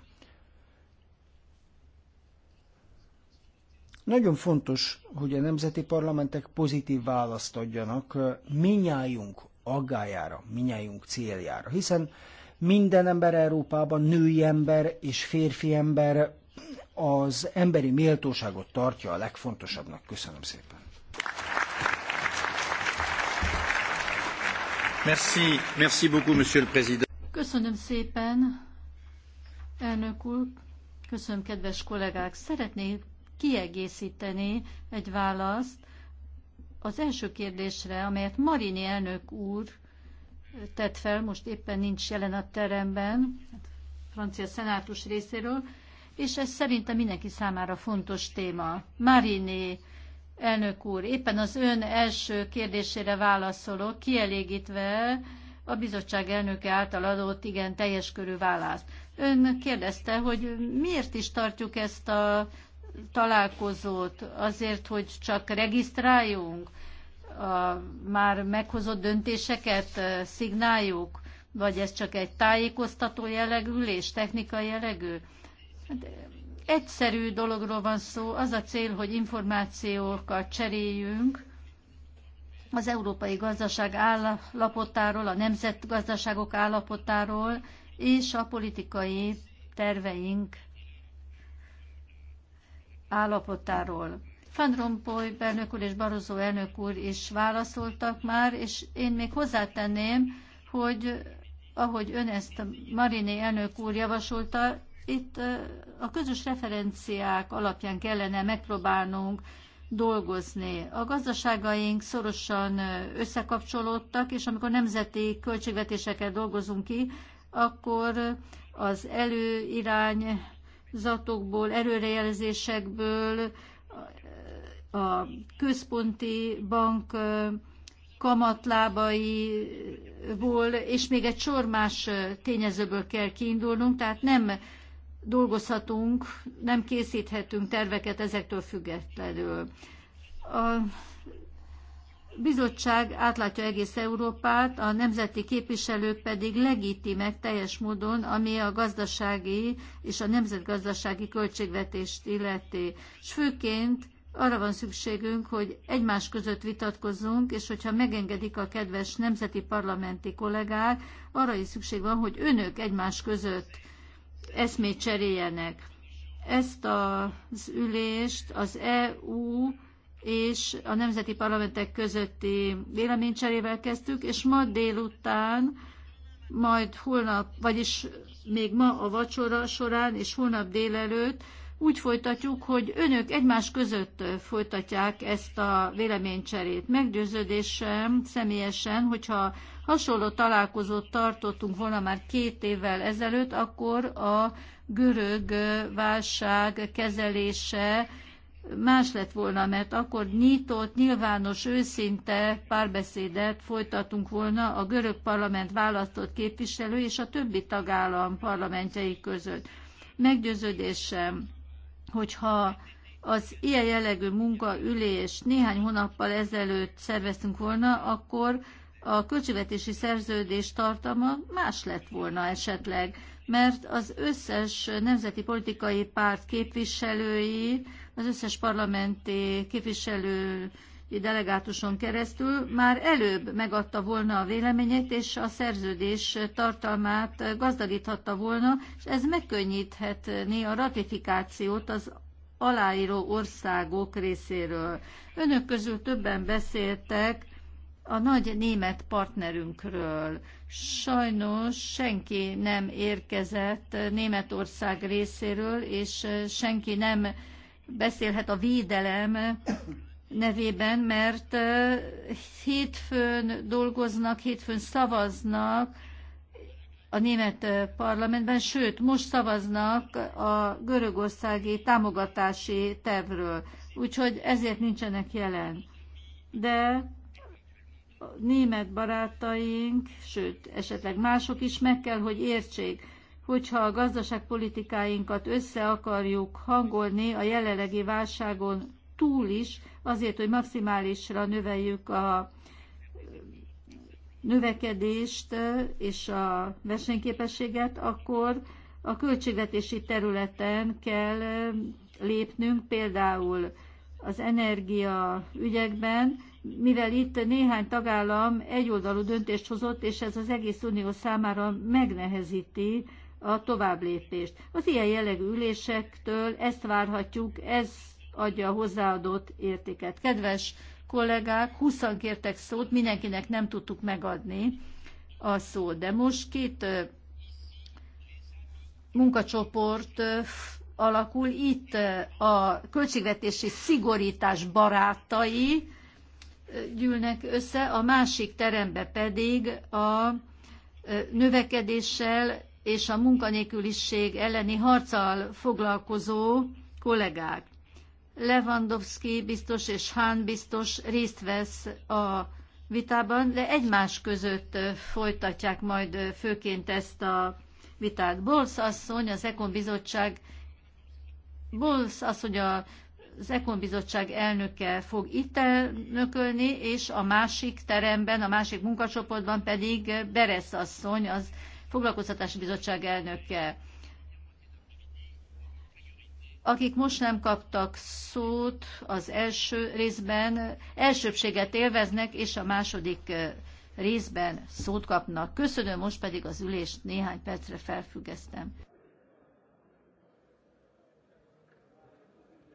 Nagyon fontos, hogy a nemzeti parlamentek pozitív választ adjanak minnyájunk aggájára, minnyájunk céljára, hiszen minden ember Európában, női ember és férfi ember az emberi méltóságot tartja a legfontosabbnak. Köszönöm szépen. Merci, merci beaucoup, monsieur le président. Köszönöm szépen, elnök úr. Köszönöm, kedves kollégák. Szeretnék kiegészíteni egy választ az első kérdésre, amelyet Marini elnök úr tett fel, most éppen nincs jelen a teremben, hát francia szenátus részéről, és ez szerintem mindenki számára fontos téma. Marini elnök úr, éppen az ön első kérdésére válaszolok, kielégítve a bizottság elnöke által adott igen teljes körű választ. Ön kérdezte, hogy miért is tartjuk ezt a találkozót azért, hogy csak regisztráljunk, a már meghozott döntéseket szignáljuk, vagy ez csak egy tájékoztató jellegű és technikai jellegű? Hát, egyszerű dologról van szó, az a cél, hogy információkat cseréljünk, az európai gazdaság állapotáról, a nemzetgazdaságok állapotáról és a politikai terveink állapotáról. Van Rompuy elnök úr és Barozó elnök úr is válaszoltak már, és én még hozzátenném, hogy ahogy ön ezt Mariné elnök úr javasolta, itt a közös referenciák alapján kellene megpróbálnunk dolgozni. A gazdaságaink szorosan összekapcsolódtak, és amikor nemzeti költségvetéseket dolgozunk ki, akkor az előirány szavazatokból, erőrejelzésekből a központi bank kamatlábaiból, és még egy sor más tényezőből kell kiindulnunk, tehát nem dolgozhatunk, nem készíthetünk terveket ezektől függetlenül. A bizottság átlátja egész Európát, a nemzeti képviselők pedig legitimek teljes módon, ami a gazdasági és a nemzetgazdasági költségvetést illeti. És főként arra van szükségünk, hogy egymás között vitatkozzunk, és hogyha megengedik a kedves nemzeti parlamenti kollégák, arra is szükség van, hogy önök egymás között eszmét cseréljenek. Ezt az ülést az EU és a nemzeti parlamentek közötti véleménycserével kezdtük, és ma délután, majd holnap, vagyis még ma a vacsora során, és holnap délelőtt úgy folytatjuk, hogy önök egymás között folytatják ezt a véleménycserét. Meggyőződésem személyesen, hogyha hasonló találkozót tartottunk volna már két évvel ezelőtt, akkor a görög válság kezelése más lett volna, mert akkor nyitott, nyilvános, őszinte párbeszédet folytatunk volna a görög parlament választott képviselő és a többi tagállam parlamentjei között. Meggyőződésem, hogyha az ilyen jellegű munkaülés néhány hónappal ezelőtt szerveztünk volna, akkor a költségvetési szerződés tartalma más lett volna esetleg, mert az összes nemzeti politikai párt képviselői az összes parlamenti képviselő delegátuson keresztül már előbb megadta volna a véleményét, és a szerződés tartalmát gazdagíthatta volna, és ez megkönnyíthetné a ratifikációt az aláíró országok részéről. Önök közül többen beszéltek a nagy német partnerünkről. Sajnos senki nem érkezett Németország részéről, és senki nem beszélhet a védelem nevében, mert hétfőn dolgoznak, hétfőn szavaznak a német parlamentben, sőt, most szavaznak a görögországi támogatási tervről. Úgyhogy ezért nincsenek jelen. De a német barátaink, sőt, esetleg mások is meg kell, hogy értsék, hogyha a gazdaságpolitikáinkat össze akarjuk hangolni a jelenlegi válságon túl is, azért, hogy maximálisra növeljük a növekedést és a versenyképességet, akkor a költségvetési területen kell lépnünk, például az energia ügyekben, mivel itt néhány tagállam egyoldalú döntést hozott, és ez az egész unió számára megnehezíti a tovább lépést. Az ilyen jellegű ülésektől ezt várhatjuk, ez adja a hozzáadott értéket. Kedves kollégák, 20 kértek szót, mindenkinek nem tudtuk megadni a szót, de most két munkacsoport alakul. Itt a költségvetési szigorítás barátai gyűlnek össze, a másik terembe pedig a növekedéssel és a munkanélküliség elleni harccal foglalkozó kollégák. Lewandowski biztos és Hán biztos részt vesz a vitában, de egymás között folytatják majd főként ezt a vitát. Bolsz asszony, az Ekon Bizottság, Bolsz asszony a az Ekon Bizottság elnöke fog itt elnökölni, és a másik teremben, a másik munkacsoportban pedig Beresz asszony, az foglalkoztatási bizottság elnöke, akik most nem kaptak szót az első részben, elsőbséget élveznek, és a második részben szót kapnak. Köszönöm, most pedig az ülést néhány percre felfüggesztem.